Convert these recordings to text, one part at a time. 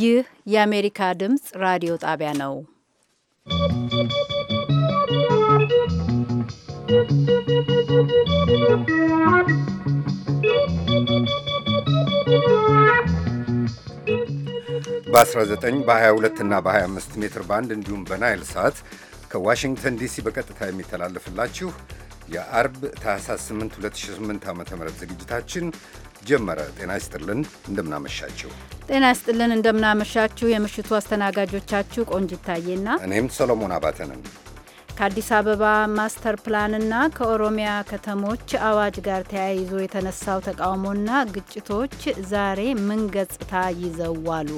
ይህ የአሜሪካ ድምፅ ራዲዮ ጣቢያ ነው። በ19 በ22 እና በ25 ሜትር ባንድ እንዲሁም በናይል ሳት ከዋሽንግተን ዲሲ በቀጥታ የሚተላለፍላችሁ የአርብ ታህሳስ 8 2008 ዓ ም ዝግጅታችን ጀመረ። ጤና ይስጥልን እንደምናመሻችሁ። ጤና ይስጥልን እንደምናመሻችሁ። የምሽቱ አስተናጋጆቻችሁ ቆንጅ ይታየና እኔም ሰሎሞን አባተንን ከአዲስ አበባ ማስተር ፕላንና ከኦሮሚያ ከተሞች አዋጅ ጋር ተያይዞ የተነሳው ተቃውሞና ግጭቶች ዛሬ ምን ገጽታ ይዘዋሉ?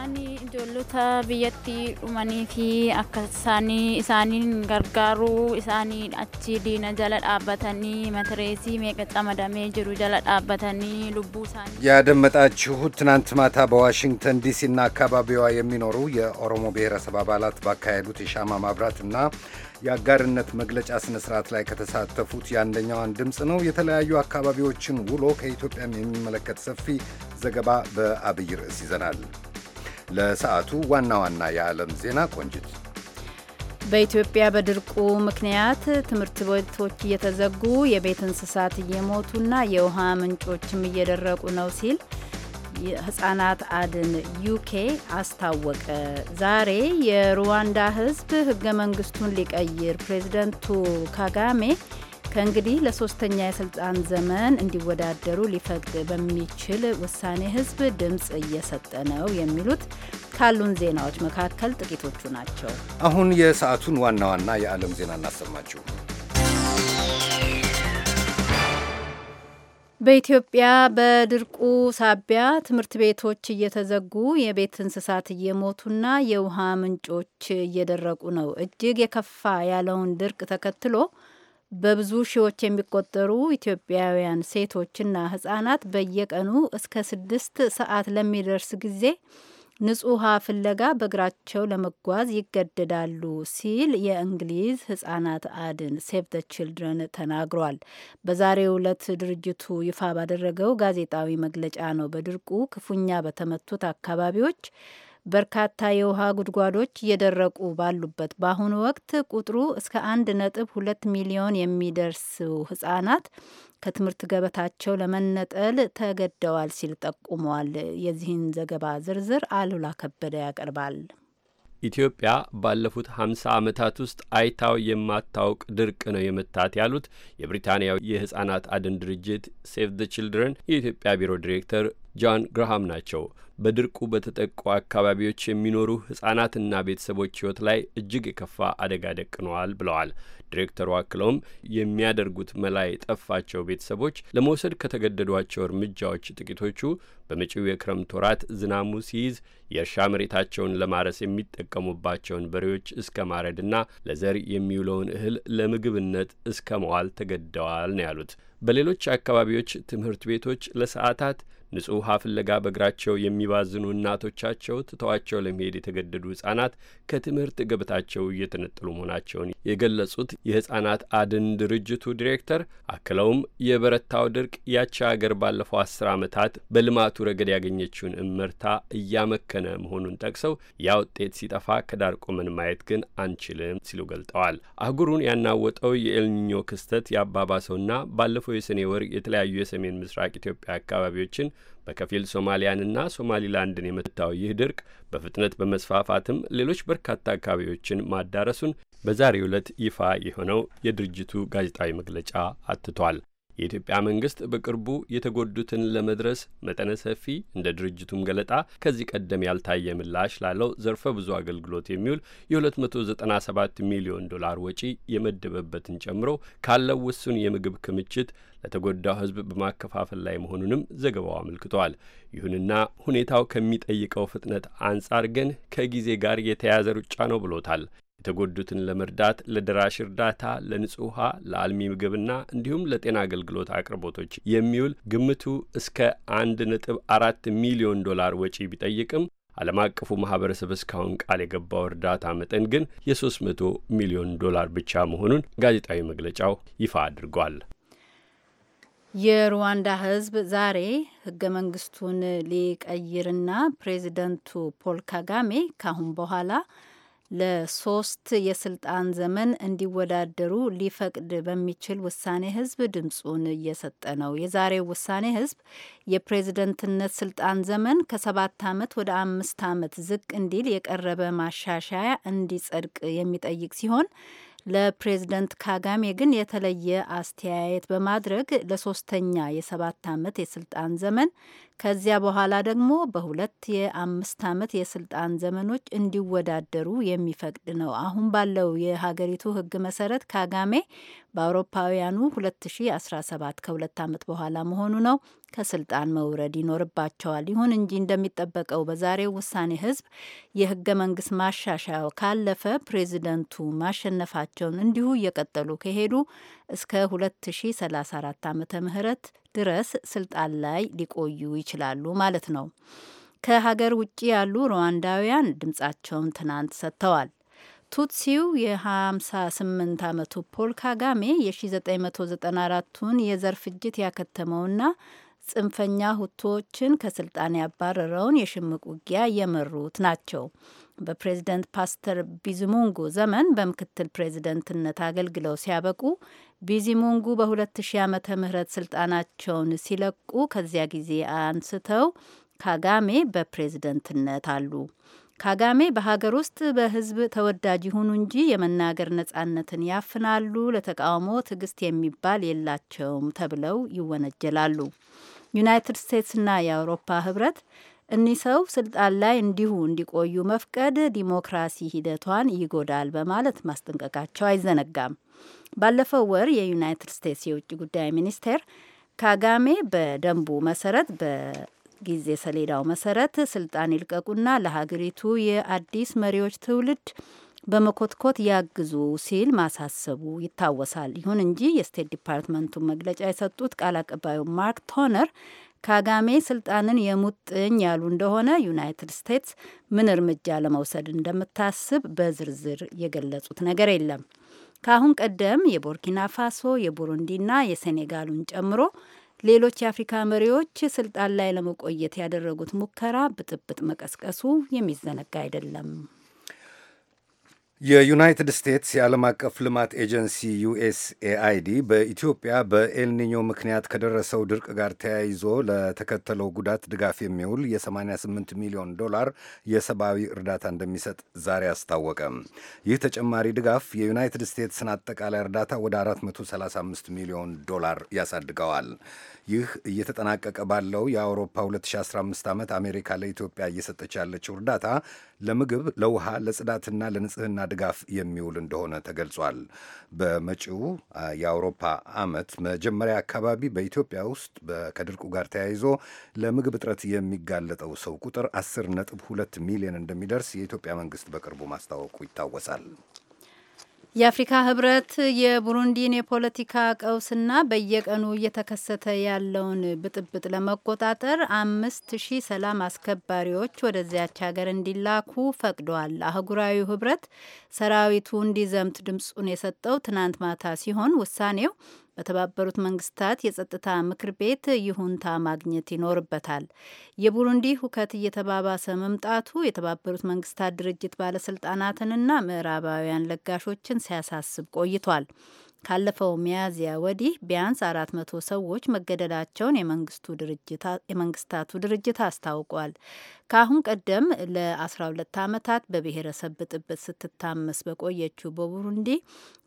ani ijoollota biyyatti dhumanii fi akka isaanii isaaniin gargaaruu isaanii achi diina jala dhaabbatanii matireesii meeqa camadamee jiru jala dhaabbatanii lubbuu isaanii ያደመጣችሁት ትናንት ማታ በዋሽንግተን ዲሲና አካባቢዋ የሚኖሩ የኦሮሞ ብሔረሰብ አባላት ባካሄዱት የሻማ ማብራትና የአጋርነት መግለጫ ስነ ስርዓት ላይ ከተሳተፉት የአንደኛዋን ድምፅ ነው። የተለያዩ አካባቢዎችን ውሎ ከኢትዮጵያም የሚመለከት ሰፊ ዘገባ በአብይ ርዕስ ይዘናል። ለሰዓቱ ዋና ዋና የዓለም ዜና ቆንጅት። በኢትዮጵያ በድርቁ ምክንያት ትምህርት ቤቶች እየተዘጉ የቤት እንስሳት እየሞቱና የውሃ ምንጮችም እየደረቁ ነው ሲል ህጻናት አድን ዩኬ አስታወቀ። ዛሬ የሩዋንዳ ህዝብ ህገ መንግስቱን ሊቀይር ፕሬዚደንቱ ካጋሜ ከእንግዲህ ለሶስተኛ የስልጣን ዘመን እንዲወዳደሩ ሊፈቅድ በሚችል ውሳኔ ህዝብ ድምፅ እየሰጠ ነው የሚሉት ካሉን ዜናዎች መካከል ጥቂቶቹ ናቸው። አሁን የሰዓቱን ዋና ዋና የዓለም ዜና እናሰማችሁ። በኢትዮጵያ በድርቁ ሳቢያ ትምህርት ቤቶች እየተዘጉ የቤት እንስሳት እየሞቱና የውሃ ምንጮች እየደረቁ ነው። እጅግ የከፋ ያለውን ድርቅ ተከትሎ በብዙ ሺዎች የሚቆጠሩ ኢትዮጵያውያን ሴቶችና ህጻናት በየቀኑ እስከ ስድስት ሰዓት ለሚደርስ ጊዜ ንጹህ ውሃ ፍለጋ በእግራቸው ለመጓዝ ይገደዳሉ ሲል የእንግሊዝ ህጻናት አድን ሴቭ ዘ ችልድረን ተናግሯል። በዛሬው ዕለት ድርጅቱ ይፋ ባደረገው ጋዜጣዊ መግለጫ ነው። በድርቁ ክፉኛ በተመቱት አካባቢዎች በርካታ የውሃ ጉድጓዶች እየደረቁ ባሉበት በአሁኑ ወቅት ቁጥሩ እስከ አንድ ነጥብ ሁለት ሚሊዮን የሚደርሱ ህጻናት ከትምህርት ገበታቸው ለመነጠል ተገደዋል ሲል ጠቁመዋል። የዚህን ዘገባ ዝርዝር አሉላ ከበደ ያቀርባል። ኢትዮጵያ ባለፉት ምሳ ዓመታት ውስጥ አይታው የማታውቅ ድርቅ ነው የመታት ያሉት የብሪታንያው የህጻናት አድን ድርጅት ሴቭ ዘ ችልድረን የኢትዮጵያ ቢሮ ዲሬክተር ጃን ግርሃም ናቸው። በድርቁ በተጠቁ አካባቢዎች የሚኖሩ ሕጻናትና ቤተሰቦች ሕይወት ላይ እጅግ የከፋ አደጋ ደቅነዋል ብለዋል። ዲሬክተሩ አክለውም የሚያደርጉት መላ የጠፋቸው ቤተሰቦች ለመውሰድ ከተገደዷቸው እርምጃዎች ጥቂቶቹ በመጪው የክረምት ወራት ዝናሙ ሲይዝ የእርሻ መሬታቸውን ለማረስ የሚጠቀሙባቸውን በሬዎች እስከ ማረድና ለዘር የሚውለውን እህል ለምግብነት እስከ መዋል ተገደዋል ነው ያሉት። በሌሎች አካባቢዎች ትምህርት ቤቶች ለሰዓታት ንጹሕ ውሃ ፍለጋ በእግራቸው የሚባዝኑ እናቶቻቸው ትተዋቸው ለመሄድ የተገደዱ ህጻናት ከትምህርት ገበታቸው እየተነጠሉ መሆናቸውን የገለጹት የህጻናት አድን ድርጅቱ ዲሬክተር አክለውም የበረታው ድርቅ ያቺ አገር ባለፈው አስር ዓመታት በልማቱ ረገድ ያገኘችውን እመርታ እያመከነ መሆኑን ጠቅሰው ያ ውጤት ሲጠፋ ከዳር ቆመን ማየት ግን አንችልም ሲሉ ገልጠዋል። አህጉሩን ያናወጠው የኤልኒኞ ክስተት ያባባሰውና ባለፈው የሰኔ ወር የተለያዩ የሰሜን ምስራቅ ኢትዮጵያ አካባቢዎችን በከፊል ሶማሊያንና ሶማሊላንድን የመታው ይህ ድርቅ በፍጥነት በመስፋፋትም ሌሎች በርካታ አካባቢዎችን ማዳረሱን በዛሬ ዕለት ይፋ የሆነው የድርጅቱ ጋዜጣዊ መግለጫ አትቷል። የኢትዮጵያ መንግስት በቅርቡ የተጎዱትን ለመድረስ መጠነ ሰፊ እንደ ድርጅቱም ገለጣ ከዚህ ቀደም ያልታየ ምላሽ ላለው ዘርፈ ብዙ አገልግሎት የሚውል የ297 ሚሊዮን ዶላር ወጪ የመደበበትን ጨምሮ ካለው ውሱን የምግብ ክምችት ለተጎዳው ህዝብ በማከፋፈል ላይ መሆኑንም ዘገባው አመልክቷል። ይሁንና ሁኔታው ከሚጠይቀው ፍጥነት አንጻር ግን ከጊዜ ጋር የተያያዘ ሩጫ ነው ብሎታል። የተጎዱትን ለመርዳት ለደራሽ እርዳታ፣ ለንጹህ ውሃ፣ ለአልሚ ምግብና እንዲሁም ለጤና አገልግሎት አቅርቦቶች የሚውል ግምቱ እስከ አንድ ነጥብ አራት ሚሊዮን ዶላር ወጪ ቢጠይቅም ዓለም አቀፉ ማህበረሰብ እስካሁን ቃል የገባው እርዳታ መጠን ግን የሶስት መቶ ሚሊዮን ዶላር ብቻ መሆኑን ጋዜጣዊ መግለጫው ይፋ አድርጓል። የሩዋንዳ ሕዝብ ዛሬ ህገ መንግስቱን ሊቀይርና ፕሬዚደንቱ ፖል ካጋሜ ካሁን በኋላ ለሶስት የስልጣን ዘመን እንዲወዳደሩ ሊፈቅድ በሚችል ውሳኔ ህዝብ ድምፁን እየሰጠ ነው። የዛሬው ውሳኔ ህዝብ የፕሬዝደንትነት ስልጣን ዘመን ከሰባት ዓመት ወደ አምስት ዓመት ዝቅ እንዲል የቀረበ ማሻሻያ እንዲጸድቅ የሚጠይቅ ሲሆን ለፕሬዝደንት ካጋሜ ግን የተለየ አስተያየት በማድረግ ለሶስተኛ የሰባት ዓመት የስልጣን ዘመን ከዚያ በኋላ ደግሞ በሁለት የአምስት ዓመት የስልጣን ዘመኖች እንዲወዳደሩ የሚፈቅድ ነው። አሁን ባለው የሀገሪቱ ሕግ መሰረት ካጋሜ በአውሮፓውያኑ 2017 ከሁለት ዓመት በኋላ መሆኑ ነው ከስልጣን መውረድ ይኖርባቸዋል። ይሁን እንጂ እንደሚጠበቀው በዛሬው ውሳኔ ሕዝብ የህገ መንግስት ማሻሻያው ካለፈ ፕሬዚደንቱ ማሸነፋቸውን እንዲሁ እየቀጠሉ ከሄዱ እስከ 2034 ዓመተ ምህረት ድረስ ስልጣን ላይ ሊቆዩ ይችላሉ ማለት ነው። ከሀገር ውጭ ያሉ ሩዋንዳውያን ድምጻቸውን ትናንት ሰጥተዋል። ቱትሲው የ58 ዓመቱ ፖል ካጋሜ የ1994ቱን የዘር ፍጅት ያከተመውና ጽንፈኛ ሁቶዎችን ከስልጣን ያባረረውን የሽምቅ ውጊያ የመሩት ናቸው። በፕሬዝደንት ፓስተር ቢዝሙንጉ ዘመን በምክትል ፕሬዝደንትነት አገልግለው ሲያበቁ ቢዚሙንጉ በ2000 ዓመተ ምህረት ስልጣናቸውን ሲለቁ ከዚያ ጊዜ አንስተው ካጋሜ በፕሬዝደንትነት አሉ። ካጋሜ በሀገር ውስጥ በህዝብ ተወዳጅ ይሁኑ እንጂ የመናገር ነጻነትን ያፍናሉ፣ ለተቃውሞ ትዕግስት የሚባል የላቸውም ተብለው ይወነጀላሉ። ዩናይትድ ስቴትስና የአውሮፓ ህብረት እኒህ ሰው ስልጣን ላይ እንዲሁ እንዲቆዩ መፍቀድ ዲሞክራሲ ሂደቷን ይጎዳል በማለት ማስጠንቀቃቸው አይዘነጋም። ባለፈው ወር የዩናይትድ ስቴትስ የውጭ ጉዳይ ሚኒስቴር ካጋሜ በደንቡ መሰረት በጊዜ ሰሌዳው መሰረት ስልጣን ይልቀቁና ለሀገሪቱ የአዲስ መሪዎች ትውልድ በመኮትኮት ያግዙ ሲል ማሳሰቡ ይታወሳል። ይሁን እንጂ የስቴት ዲፓርትመንቱን መግለጫ የሰጡት ቃል አቀባዩ ማርክ ቶነር ካጋሜ ስልጣንን የሙጥኝ ያሉ እንደሆነ ዩናይትድ ስቴትስ ምን እርምጃ ለመውሰድ እንደምታስብ በዝርዝር የገለጹት ነገር የለም። ከአሁን ቀደም የቡርኪና ፋሶ የቡሩንዲና የሴኔጋሉን ጨምሮ ሌሎች የአፍሪካ መሪዎች ስልጣን ላይ ለመቆየት ያደረጉት ሙከራ ብጥብጥ መቀስቀሱ የሚዘነጋ አይደለም። የዩናይትድ ስቴትስ የዓለም አቀፍ ልማት ኤጀንሲ ዩኤስኤአይዲ በኢትዮጵያ በኤልኒኞ ምክንያት ከደረሰው ድርቅ ጋር ተያይዞ ለተከተለው ጉዳት ድጋፍ የሚውል የ88 ሚሊዮን ዶላር የሰብአዊ እርዳታ እንደሚሰጥ ዛሬ አስታወቀ። ይህ ተጨማሪ ድጋፍ የዩናይትድ ስቴትስን አጠቃላይ እርዳታ ወደ 435 ሚሊዮን ዶላር ያሳድገዋል። ይህ እየተጠናቀቀ ባለው የአውሮፓ 2015 ዓመት አሜሪካ ለኢትዮጵያ እየሰጠች ያለችው እርዳታ ለምግብ፣ ለውሃ፣ ለጽዳትና ለንጽህና ድጋፍ የሚውል እንደሆነ ተገልጿል። በመጪው የአውሮፓ ዓመት መጀመሪያ አካባቢ በኢትዮጵያ ውስጥ ከድርቁ ጋር ተያይዞ ለምግብ እጥረት የሚጋለጠው ሰው ቁጥር 10 ነጥብ 2 ሚሊዮን እንደሚደርስ የኢትዮጵያ መንግስት በቅርቡ ማስታወቁ ይታወሳል። የአፍሪካ ህብረት የቡሩንዲን የፖለቲካ ቀውስና በየቀኑ እየተከሰተ ያለውን ብጥብጥ ለመቆጣጠር አምስት ሺህ ሰላም አስከባሪዎች ወደዚያች ሀገር እንዲላኩ ፈቅደዋል። አህጉራዊ ህብረት ሰራዊቱ እንዲዘምት ድምፁን የሰጠው ትናንት ማታ ሲሆን ውሳኔው በተባበሩት መንግስታት የጸጥታ ምክር ቤት ይሁንታ ማግኘት ይኖርበታል። የቡሩንዲ ሁከት እየተባባሰ መምጣቱ የተባበሩት መንግስታት ድርጅት ባለስልጣናትንና ምዕራባውያን ለጋሾችን ሲያሳስብ ቆይቷል። ካለፈው ሚያዝያ ወዲህ ቢያንስ አራት መቶ ሰዎች መገደላቸውን የመንግስታቱ ድርጅት አስታውቋል። ከአሁን ቀደም ለ12 ዓመታት በብሔረሰብ ብጥብጥ ስትታመስ በቆየችው በቡሩንዲ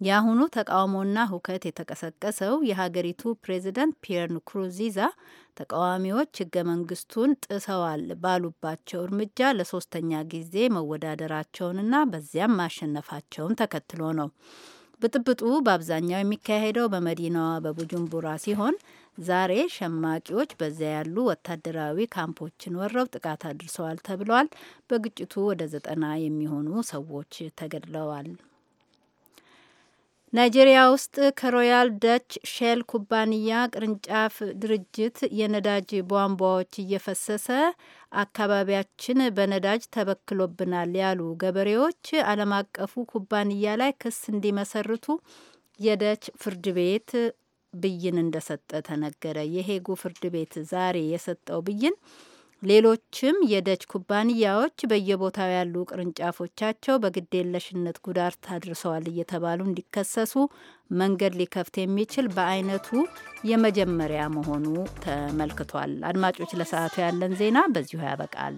የአሁኑ ተቃውሞና ሁከት የተቀሰቀሰው የሀገሪቱ ፕሬዚደንት ፒየር ንኩሩንዚዛ ተቃዋሚዎች ህገ መንግስቱን ጥሰዋል ባሉባቸው እርምጃ ለሶስተኛ ጊዜ መወዳደራቸውንና በዚያም ማሸነፋቸውን ተከትሎ ነው። ብጥብጡ በአብዛኛው የሚካሄደው በመዲናዋ በቡጁምቡራ ሲሆን ዛሬ ሸማቂዎች በዚያ ያሉ ወታደራዊ ካምፖችን ወረው ጥቃት አድርሰዋል ተብሏል። በግጭቱ ወደ ዘጠና የሚሆኑ ሰዎች ተገድለዋል። ናይጄሪያ ውስጥ ከሮያል ደች ሼል ኩባንያ ቅርንጫፍ ድርጅት የነዳጅ ቧንቧዎች እየፈሰሰ አካባቢያችን በነዳጅ ተበክሎብናል ያሉ ገበሬዎች ዓለም አቀፉ ኩባንያ ላይ ክስ እንዲመሰርቱ የደች ፍርድ ቤት ብይን እንደሰጠ ተነገረ። የሄጉ ፍርድ ቤት ዛሬ የሰጠው ብይን ሌሎችም የደች ኩባንያዎች በየቦታው ያሉ ቅርንጫፎቻቸው በግዴለሽነት ጉዳት ታድርሰዋል እየተባሉ እንዲከሰሱ መንገድ ሊከፍት የሚችል በአይነቱ የመጀመሪያ መሆኑ ተመልክቷል። አድማጮች፣ ለሰዓቱ ያለን ዜና በዚሁ ያበቃል።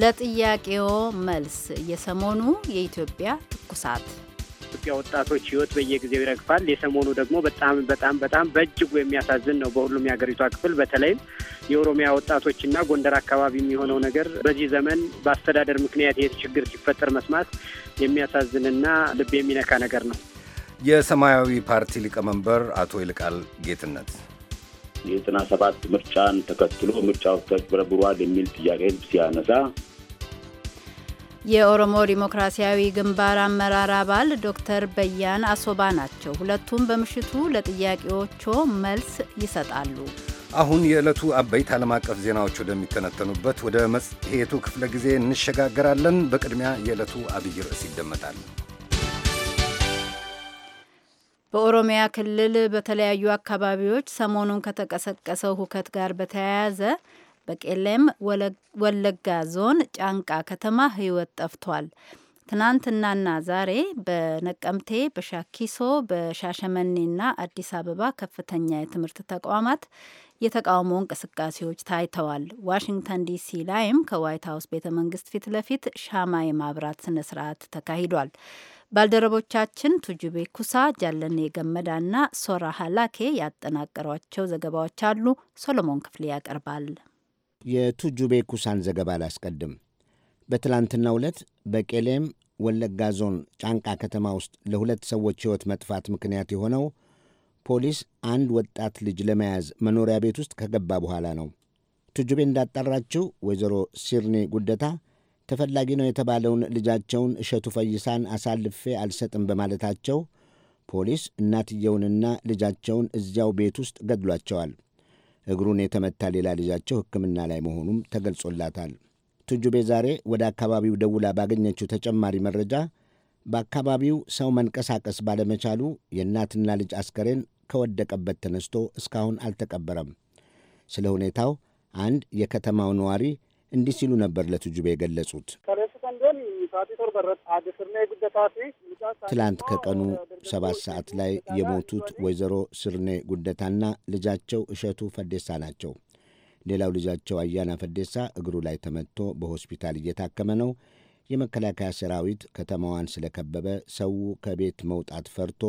ለጥያቄዎ መልስ የሰሞኑ የኢትዮጵያ ትኩሳት ኢትዮጵያ ወጣቶች ህይወት በየጊዜው ይረግፋል። የሰሞኑ ደግሞ በጣም በጣም በጣም በእጅጉ የሚያሳዝን ነው። በሁሉም የሀገሪቷ ክፍል በተለይም የኦሮሚያ ወጣቶችና ጎንደር አካባቢ የሚሆነው ነገር በዚህ ዘመን በአስተዳደር ምክንያት ይህ ችግር ሲፈጠር መስማት የሚያሳዝንና ልብ የሚነካ ነገር ነው። የሰማያዊ ፓርቲ ሊቀመንበር አቶ ይልቃል ጌትነት የዘጠና ሰባት ምርጫን ተከትሎ ምርጫው ተጭበረብሯል የሚል ጥያቄ ሲያነሳ የኦሮሞ ዲሞክራሲያዊ ግንባር አመራር አባል ዶክተር በያን አሶባ ናቸው። ሁለቱም በምሽቱ ለጥያቄዎቹ መልስ ይሰጣሉ። አሁን የዕለቱ አበይት ዓለም አቀፍ ዜናዎች ወደሚተነተኑበት ወደ መጽሔቱ ክፍለ ጊዜ እንሸጋገራለን። በቅድሚያ የዕለቱ አብይ ርዕስ ይደመጣል። በኦሮሚያ ክልል በተለያዩ አካባቢዎች ሰሞኑን ከተቀሰቀሰው ሁከት ጋር በተያያዘ በቄሌም ወለጋ ዞን ጫንቃ ከተማ ሕይወት ጠፍቷል። ትናንትናና ዛሬ በነቀምቴ፣ በሻኪሶ፣ በሻሸመኔና አዲስ አበባ ከፍተኛ የትምህርት ተቋማት የተቃውሞ እንቅስቃሴዎች ታይተዋል። ዋሽንግተን ዲሲ ላይም ከዋይት ሀውስ ቤተ መንግስት ፊት ለፊት ሻማ የማብራት ስነ ስርዓት ተካሂዷል። ባልደረቦቻችን ቱጁቤ ኩሳ፣ ጃለኔ ገመዳና ሶራ ሀላኬ ያጠናቀሯቸው ዘገባዎች አሉ። ሶሎሞን ክፍሌ ያቀርባል። የቱጁቤ ኩሳን ዘገባ ላስቀድም። በትላንትናው ዕለት በቄሌም ወለጋ ዞን ጫንቃ ከተማ ውስጥ ለሁለት ሰዎች ሕይወት መጥፋት ምክንያት የሆነው ፖሊስ አንድ ወጣት ልጅ ለመያዝ መኖሪያ ቤት ውስጥ ከገባ በኋላ ነው። ቱጁቤ እንዳጣራችው ወይዘሮ ሲርኒ ጉደታ ተፈላጊ ነው የተባለውን ልጃቸውን እሸቱ ፈይሳን አሳልፌ አልሰጥም በማለታቸው ፖሊስ እናትየውንና ልጃቸውን እዚያው ቤት ውስጥ ገድሏቸዋል። እግሩን የተመታ ሌላ ልጃቸው ሕክምና ላይ መሆኑም ተገልጾላታል። ቱጁቤ ዛሬ ወደ አካባቢው ደውላ ባገኘችው ተጨማሪ መረጃ በአካባቢው ሰው መንቀሳቀስ ባለመቻሉ የእናትና ልጅ አስከሬን ከወደቀበት ተነስቶ እስካሁን አልተቀበረም። ስለ ሁኔታው አንድ የከተማው ነዋሪ እንዲህ ሲሉ ነበር ለትጁቤ የገለጹት። ትላንት ከቀኑ ሰባት ሰዓት ላይ የሞቱት ወይዘሮ ስርኔ ጉደታና ልጃቸው እሸቱ ፈዴሳ ናቸው። ሌላው ልጃቸው አያና ፈዴሳ እግሩ ላይ ተመትቶ በሆስፒታል እየታከመ ነው። የመከላከያ ሰራዊት ከተማዋን ስለከበበ ሰው ከቤት መውጣት ፈርቶ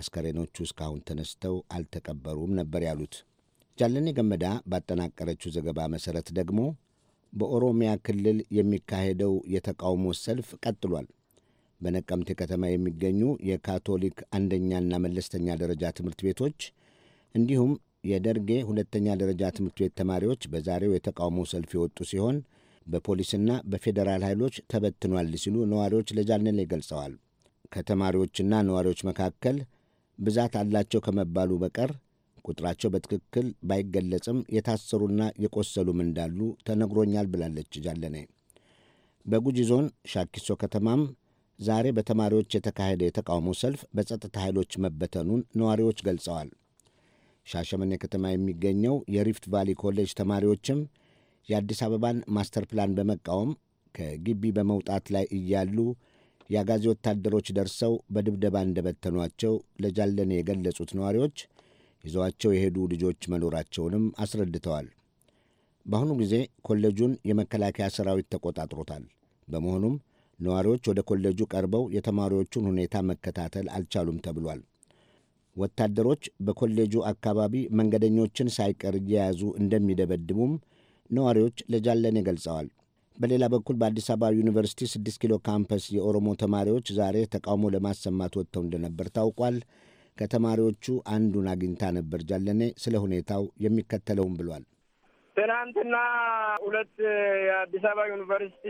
አስከሬኖቹ እስካሁን ተነስተው አልተቀበሩም ነበር ያሉት። ጃለኔ ገመዳ ባጠናቀረችው ዘገባ መሠረት ደግሞ በኦሮሚያ ክልል የሚካሄደው የተቃውሞ ሰልፍ ቀጥሏል። በነቀምቴ ከተማ የሚገኙ የካቶሊክ አንደኛና መለስተኛ ደረጃ ትምህርት ቤቶች እንዲሁም የደርጌ ሁለተኛ ደረጃ ትምህርት ቤት ተማሪዎች በዛሬው የተቃውሞ ሰልፍ የወጡ ሲሆን በፖሊስና በፌዴራል ኃይሎች ተበትኗል ሲሉ ነዋሪዎች ለጃልነሌ ገልጸዋል። ከተማሪዎችና ነዋሪዎች መካከል ብዛት አላቸው ከመባሉ በቀር ቁጥራቸው በትክክል ባይገለጽም የታሰሩና የቆሰሉም እንዳሉ ተነግሮኛል ብላለች ጃለኔ። በጉጂ ዞን ሻኪሶ ከተማም ዛሬ በተማሪዎች የተካሄደ የተቃውሞ ሰልፍ በጸጥታ ኃይሎች መበተኑን ነዋሪዎች ገልጸዋል። ሻሸመኔ ከተማ የሚገኘው የሪፍት ቫሊ ኮሌጅ ተማሪዎችም የአዲስ አበባን ማስተር ፕላን በመቃወም ከግቢ በመውጣት ላይ እያሉ የአጋዜ ወታደሮች ደርሰው በድብደባ እንደበተኗቸው ለጃለኔ የገለጹት ነዋሪዎች ይዘዋቸው የሄዱ ልጆች መኖራቸውንም አስረድተዋል። በአሁኑ ጊዜ ኮሌጁን የመከላከያ ሰራዊት ተቆጣጥሮታል። በመሆኑም ነዋሪዎች ወደ ኮሌጁ ቀርበው የተማሪዎቹን ሁኔታ መከታተል አልቻሉም ተብሏል። ወታደሮች በኮሌጁ አካባቢ መንገደኞችን ሳይቀር እየያዙ እንደሚደበድቡም ነዋሪዎች ለጃለኔ ገልጸዋል። በሌላ በኩል በአዲስ አበባ ዩኒቨርሲቲ 6 ኪሎ ካምፐስ የኦሮሞ ተማሪዎች ዛሬ ተቃውሞ ለማሰማት ወጥተው እንደነበር ታውቋል። ከተማሪዎቹ አንዱን አግኝታ ነበር። ጃለኔ ስለ ሁኔታው የሚከተለውም ብሏል። ትናንትና ሁለት የአዲስ አበባ ዩኒቨርሲቲ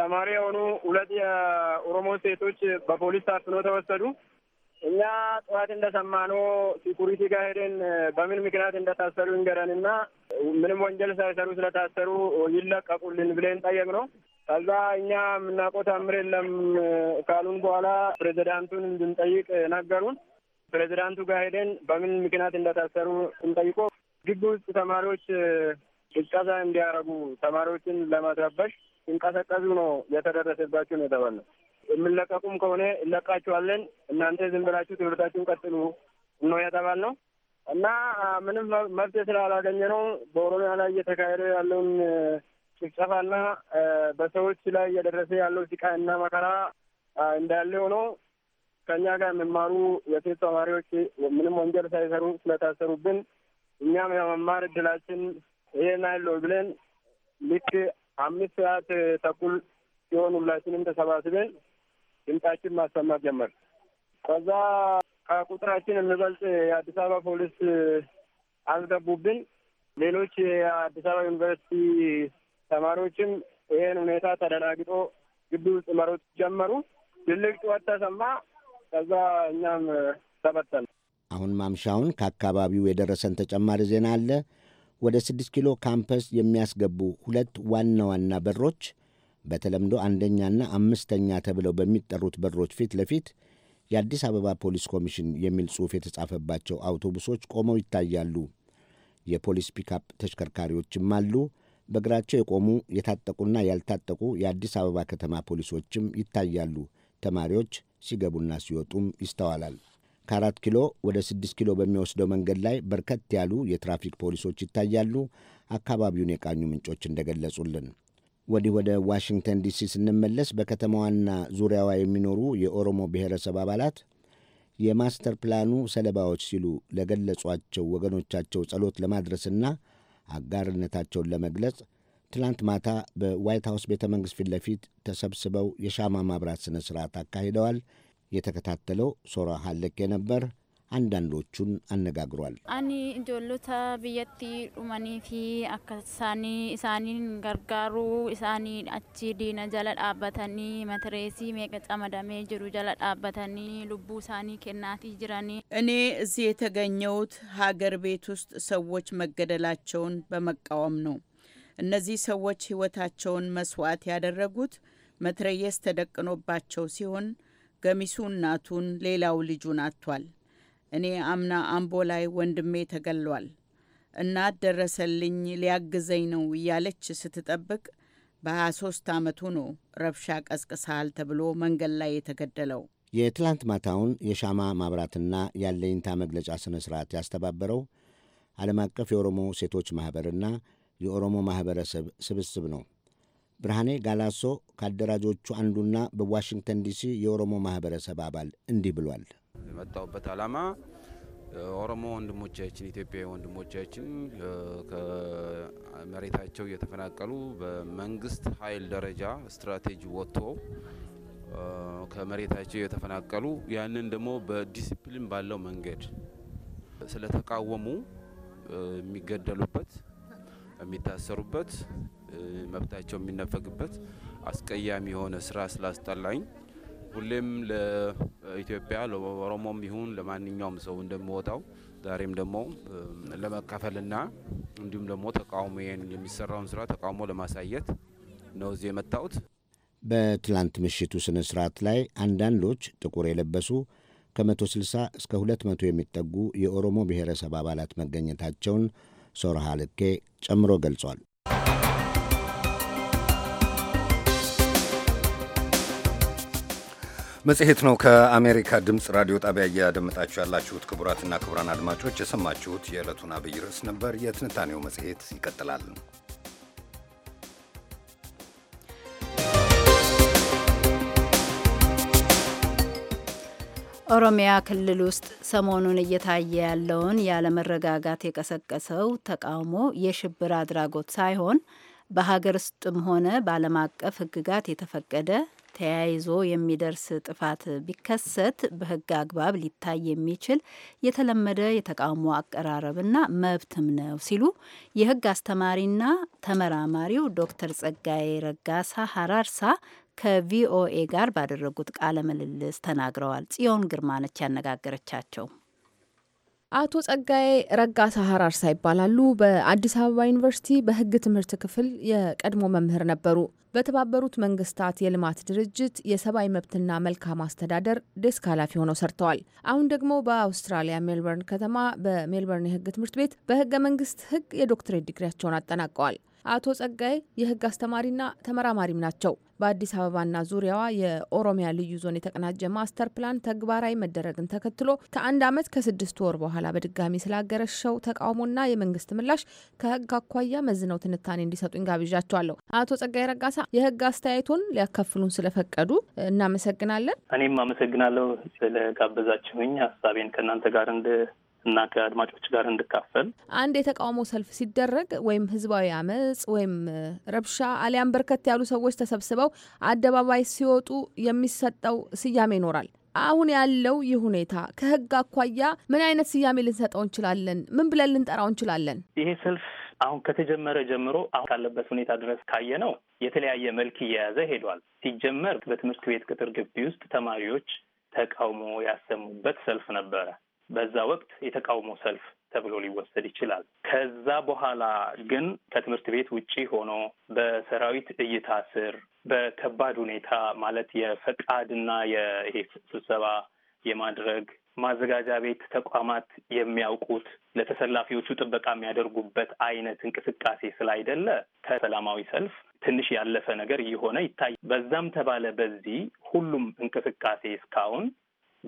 ተማሪ የሆኑ ሁለት የኦሮሞ ሴቶች በፖሊስ ታፍኖ ተወሰዱ። እኛ ጠዋት እንደሰማነው ሲኩሪቲ ጋር ሄደን በምን ምክንያት እንደታሰሩ ይንገረንና ምንም ወንጀል ሳይሰሩ ስለታሰሩ ይለቀቁልን ብለን ጠየቅነው። ከዛ እኛ የምናውቀው ታምር የለም ካሉን በኋላ ፕሬዚዳንቱን እንድንጠይቅ ነገሩን። ፕሬዚዳንቱ ጋር ሄደን በምን ምክንያት እንደታሰሩ ስንጠይቆ ግቢ ውስጥ ተማሪዎች ቅስቀሳ እንዲያረጉ ተማሪዎችን ለማስረበሽ ሲንቀሳቀሱ ነው የተደረሰባችሁ ነው የተባለው። የምንለቀቁም ከሆነ እለቃችኋለን፣ እናንተ ዝም ብላችሁ ትምህርታችሁን ቀጥሉ ነው እና ምንም መፍትሄ ስላላገኘ ነው በኦሮሚያ ላይ እየተካሄደ ያለውን ጭፍጨፋና በሰዎች ላይ እየደረሰ ያለው ስቃይና መከራ እንዳለ ሆኖ ከእኛ ጋር የሚማሩ የሴት ተማሪዎች ምንም ወንጀል ሳይሰሩ ስለታሰሩብን እኛም የመማር እድላችን ይሄን አይለው ብለን ልክ አምስት ሰዓት ተኩል ሲሆን ሁላችንም ተሰባስበን ድምጻችን ማሰማት ጀመር። ከዛ ከቁጥራችን የሚበልጥ የአዲስ አበባ ፖሊስ አስገቡብን። ሌሎች የአዲስ አበባ ዩኒቨርሲቲ ተማሪዎችም ይሄን ሁኔታ ተደናግጦ ግቢ ውስጥ መሮጥ ጀመሩ። ትልቅ ጩኸት ተሰማ። ከዛ እኛም ተበተን። አሁን ማምሻውን ከአካባቢው የደረሰን ተጨማሪ ዜና አለ። ወደ ስድስት ኪሎ ካምፐስ የሚያስገቡ ሁለት ዋና ዋና በሮች በተለምዶ አንደኛና አምስተኛ ተብለው በሚጠሩት በሮች ፊት ለፊት የአዲስ አበባ ፖሊስ ኮሚሽን የሚል ጽሑፍ የተጻፈባቸው አውቶቡሶች ቆመው ይታያሉ። የፖሊስ ፒካፕ ተሽከርካሪዎችም አሉ። በእግራቸው የቆሙ የታጠቁና ያልታጠቁ የአዲስ አበባ ከተማ ፖሊሶችም ይታያሉ። ተማሪዎች ሲገቡና ሲወጡም ይስተዋላል። ከአራት ኪሎ ወደ ስድስት ኪሎ በሚወስደው መንገድ ላይ በርከት ያሉ የትራፊክ ፖሊሶች ይታያሉ። አካባቢውን የቃኙ ምንጮች እንደገለጹልን ወዲህ ወደ ዋሽንግተን ዲሲ ስንመለስ በከተማዋና ዙሪያዋ የሚኖሩ የኦሮሞ ብሔረሰብ አባላት የማስተር ፕላኑ ሰለባዎች ሲሉ ለገለጿቸው ወገኖቻቸው ጸሎት ለማድረስና አጋርነታቸውን ለመግለጽ ትላንት ማታ በዋይት ሀውስ ቤተ መንግሥት ፊት ለፊት ተሰብስበው የሻማ ማብራት ሥነ ሥርዓት አካሂደዋል። የተከታተለው ሶራ ሀለኬ ነበር። አንዳንዶቹን አነጋግሯል። አኒ ኢጆሎታ ብየቲ ዱመኒ ፊ አካ ሳኒ ገርጋሩ አቺ ዲነ ጀለ ዳበተኒ መትሬሲ ሜቀ ጨመደሜ ጅሩ ጀለ ዳበተኒ ልቡ እሳኒ ኬናቲ ጅረኒ እኔ እዚህ የተገኘሁት ሀገር ቤት ውስጥ ሰዎች መገደላቸውን በመቃወም ነው። እነዚህ ሰዎች ሕይወታቸውን መስዋዕት ያደረጉት መትረየስ ተደቅኖባቸው ሲሆን ገሚሱ እናቱን፣ ሌላው ልጁን አጥቷል። እኔ አምና አምቦ ላይ ወንድሜ ተገሏል። እናት ደረሰልኝ ሊያግዘኝ ነው እያለች ስትጠብቅ በ23 ዓመቱ ነው ረብሻ ቀስቅሰሃል ተብሎ መንገድ ላይ የተገደለው። የትላንት ማታውን የሻማ ማብራትና ያለኝታ መግለጫ ሥነ ሥርዓት ያስተባበረው ዓለም አቀፍ የኦሮሞ ሴቶች ማኅበርና የኦሮሞ ማኅበረሰብ ስብስብ ነው። ብርሃኔ ጋላሶ ከአደራጆቹ አንዱና በዋሽንግተን ዲሲ የኦሮሞ ማኅበረሰብ አባል እንዲህ ብሏል። የመጣሁበት ዓላማ ኦሮሞ ወንድሞቻችን ኢትዮጵያዊ ወንድሞቻችን ከመሬታቸው እየተፈናቀሉ በመንግስት ኃይል ደረጃ ስትራቴጂ ወጥቶ ከመሬታቸው እየተፈናቀሉ ያንን ደግሞ በዲሲፕሊን ባለው መንገድ ስለተቃወሙ የሚገደሉበት የሚታሰሩበት መብታቸው የሚነፈግበት አስቀያሚ የሆነ ስራ ስላስጠላኝ ሁሌም ለኢትዮጵያ ለኦሮሞም ይሁን ለማንኛውም ሰው እንደምወጣው ዛሬም ደግሞ ለመካፈልና እንዲሁም ደግሞ ተቃውሞ የሚሰራውን ስራ ተቃውሞ ለማሳየት ነው እዚህ የመጣሁት። በትላንት ምሽቱ ስነ ስርዓት ላይ አንዳንዶች ጥቁር የለበሱ ከ160 እስከ 200 የሚጠጉ የኦሮሞ ብሔረሰብ አባላት መገኘታቸውን ሶር ሀለኬ ጨምሮ ገልጿል። መጽሔት ነው። ከአሜሪካ ድምፅ ራዲዮ ጣቢያ እያደመጣችሁ ያላችሁት ክቡራትና ክቡራን አድማጮች የሰማችሁት የዕለቱን አብይ ርዕስ ነበር። የትንታኔው መጽሔት ይቀጥላል። ኦሮሚያ ክልል ውስጥ ሰሞኑን እየታየ ያለውን ያለመረጋጋት የቀሰቀሰው ተቃውሞ የሽብር አድራጎት ሳይሆን በሀገር ውስጥም ሆነ በዓለም አቀፍ ሕግጋት የተፈቀደ ተያይዞ የሚደርስ ጥፋት ቢከሰት በሕግ አግባብ ሊታይ የሚችል የተለመደ የተቃውሞ አቀራረብና መብትም ነው ሲሉ የሕግ አስተማሪና ተመራማሪው ዶክተር ጸጋዬ ረጋሳ ሀራርሳ ከቪኦኤ ጋር ባደረጉት ቃለ ምልልስ ተናግረዋል። ጽዮን ግርማ ነች ያነጋገረቻቸው። አቶ ጸጋዬ ረጋሳ ሀራርሳ ይባላሉ። በአዲስ አበባ ዩኒቨርሲቲ በሕግ ትምህርት ክፍል የቀድሞ መምህር ነበሩ። በተባበሩት መንግስታት የልማት ድርጅት የሰብአዊ መብትና መልካም አስተዳደር ዴስክ ኃላፊ ሆነው ሰርተዋል። አሁን ደግሞ በአውስትራሊያ ሜልበርን ከተማ በሜልበርን የሕግ ትምህርት ቤት በሕገ መንግስት ሕግ የዶክትሬት ዲግሪያቸውን አጠናቀዋል። አቶ ጸጋይ የህግ አስተማሪና ተመራማሪም ናቸው። በአዲስ አበባና ዙሪያዋ የኦሮሚያ ልዩ ዞን የተቀናጀ ማስተር ፕላን ተግባራዊ መደረግን ተከትሎ ከአንድ ዓመት ከስድስት ወር በኋላ በድጋሚ ስላገረሸው ተቃውሞና የመንግስት ምላሽ ከህግ አኳያ መዝነው ትንታኔ እንዲሰጡኝ ጋብዣቸዋለሁ። አቶ ጸጋይ ረጋሳ የህግ አስተያየቱን ሊያካፍሉን ስለፈቀዱ እናመሰግናለን። እኔም አመሰግናለሁ ስለጋበዛችሁኝ ሀሳቤን ከእናንተ ጋር እና ከአድማጮች ጋር እንድካፈል አንድ የተቃውሞ ሰልፍ ሲደረግ ወይም ህዝባዊ አመፅ ወይም ረብሻ አሊያም በርከት ያሉ ሰዎች ተሰብስበው አደባባይ ሲወጡ የሚሰጠው ስያሜ ይኖራል። አሁን ያለው ይህ ሁኔታ ከህግ አኳያ ምን አይነት ስያሜ ልንሰጠው እንችላለን? ምን ብለን ልንጠራው እንችላለን? ይሄ ሰልፍ አሁን ከተጀመረ ጀምሮ አሁን ካለበት ሁኔታ ድረስ ካየ ነው የተለያየ መልክ እየያዘ ሄዷል። ሲጀመር በትምህርት ቤት ቅጥር ግቢ ውስጥ ተማሪዎች ተቃውሞ ያሰሙበት ሰልፍ ነበረ። በዛ ወቅት የተቃውሞ ሰልፍ ተብሎ ሊወሰድ ይችላል። ከዛ በኋላ ግን ከትምህርት ቤት ውጪ ሆኖ በሰራዊት እይታ ስር በከባድ ሁኔታ ማለት የፈቃድና ይሄ ስብሰባ የማድረግ ማዘጋጃ ቤት ተቋማት የሚያውቁት ለተሰላፊዎቹ ጥበቃ የሚያደርጉበት አይነት እንቅስቃሴ ስላይደለ ከሰላማዊ ሰልፍ ትንሽ ያለፈ ነገር እየሆነ ይታያል። በዛም ተባለ በዚህ ሁሉም እንቅስቃሴ እስካሁን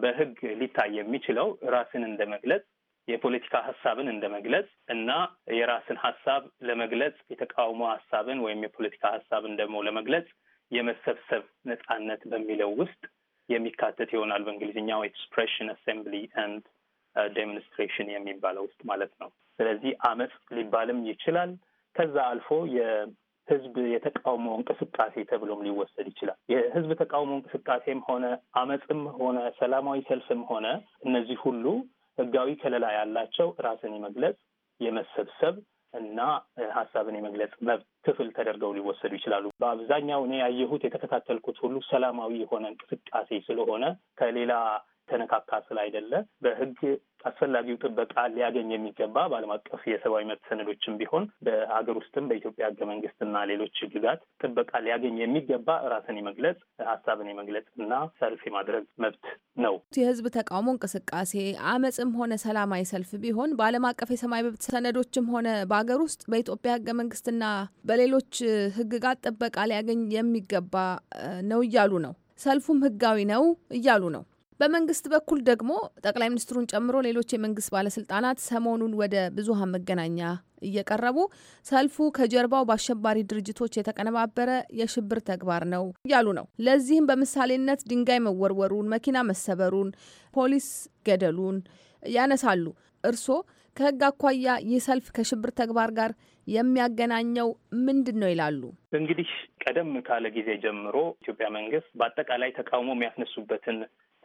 በህግ ሊታይ የሚችለው ራስን እንደ መግለጽ የፖለቲካ ሀሳብን እንደ መግለጽ እና የራስን ሀሳብ ለመግለጽ የተቃውሞ ሀሳብን ወይም የፖለቲካ ሀሳብን ደግሞ ለመግለጽ የመሰብሰብ ነጻነት በሚለው ውስጥ የሚካተት ይሆናል። በእንግሊዝኛው ኤክስፕሬሽን አሴምብሊ ኤንድ ዴሚኒስትሬሽን የሚባለው ውስጥ ማለት ነው። ስለዚህ አመፅ ሊባልም ይችላል። ከዛ አልፎ ህዝብ የተቃውሞ እንቅስቃሴ ተብሎም ሊወሰድ ይችላል። የህዝብ ተቃውሞ እንቅስቃሴም ሆነ አመፅም ሆነ ሰላማዊ ሰልፍም ሆነ እነዚህ ሁሉ ህጋዊ ከለላ ያላቸው ራስን የመግለጽ የመሰብሰብ እና ሀሳብን የመግለጽ መብት ክፍል ተደርገው ሊወሰዱ ይችላሉ። በአብዛኛው እኔ ያየሁት የተከታተልኩት ሁሉ ሰላማዊ የሆነ እንቅስቃሴ ስለሆነ ከሌላ ተነካካ ስላይደለ በህግ አስፈላጊው ጥበቃ ሊያገኝ የሚገባ በዓለም አቀፍ የሰብአዊ መብት ሰነዶችም ቢሆን በሀገር ውስጥም በኢትዮጵያ ህገ መንግስትና ሌሎች ህግጋት ጥበቃ ሊያገኝ የሚገባ ራስን የመግለጽ ሀሳብን የመግለጽ እና ሰልፍ የማድረግ መብት ነው። የህዝብ ተቃውሞ እንቅስቃሴ አመፅም ሆነ ሰላማዊ ሰልፍ ቢሆን በዓለም አቀፍ የሰብአዊ መብት ሰነዶችም ሆነ በሀገር ውስጥ በኢትዮጵያ ህገ መንግስትና በሌሎች ህግጋት ጥበቃ ሊያገኝ የሚገባ ነው እያሉ ነው። ሰልፉም ህጋዊ ነው እያሉ ነው። በመንግስት በኩል ደግሞ ጠቅላይ ሚኒስትሩን ጨምሮ ሌሎች የመንግስት ባለስልጣናት ሰሞኑን ወደ ብዙሀን መገናኛ እየቀረቡ ሰልፉ ከጀርባው በአሸባሪ ድርጅቶች የተቀነባበረ የሽብር ተግባር ነው እያሉ ነው። ለዚህም በምሳሌነት ድንጋይ መወርወሩን፣ መኪና መሰበሩን፣ ፖሊስ ገደሉን ያነሳሉ። እርስዎ ከህግ አኳያ ይህ ሰልፍ ከሽብር ተግባር ጋር የሚያገናኘው ምንድን ነው ይላሉ? እንግዲህ ቀደም ካለ ጊዜ ጀምሮ ኢትዮጵያ መንግስት በአጠቃላይ ተቃውሞ የሚያስነሱበትን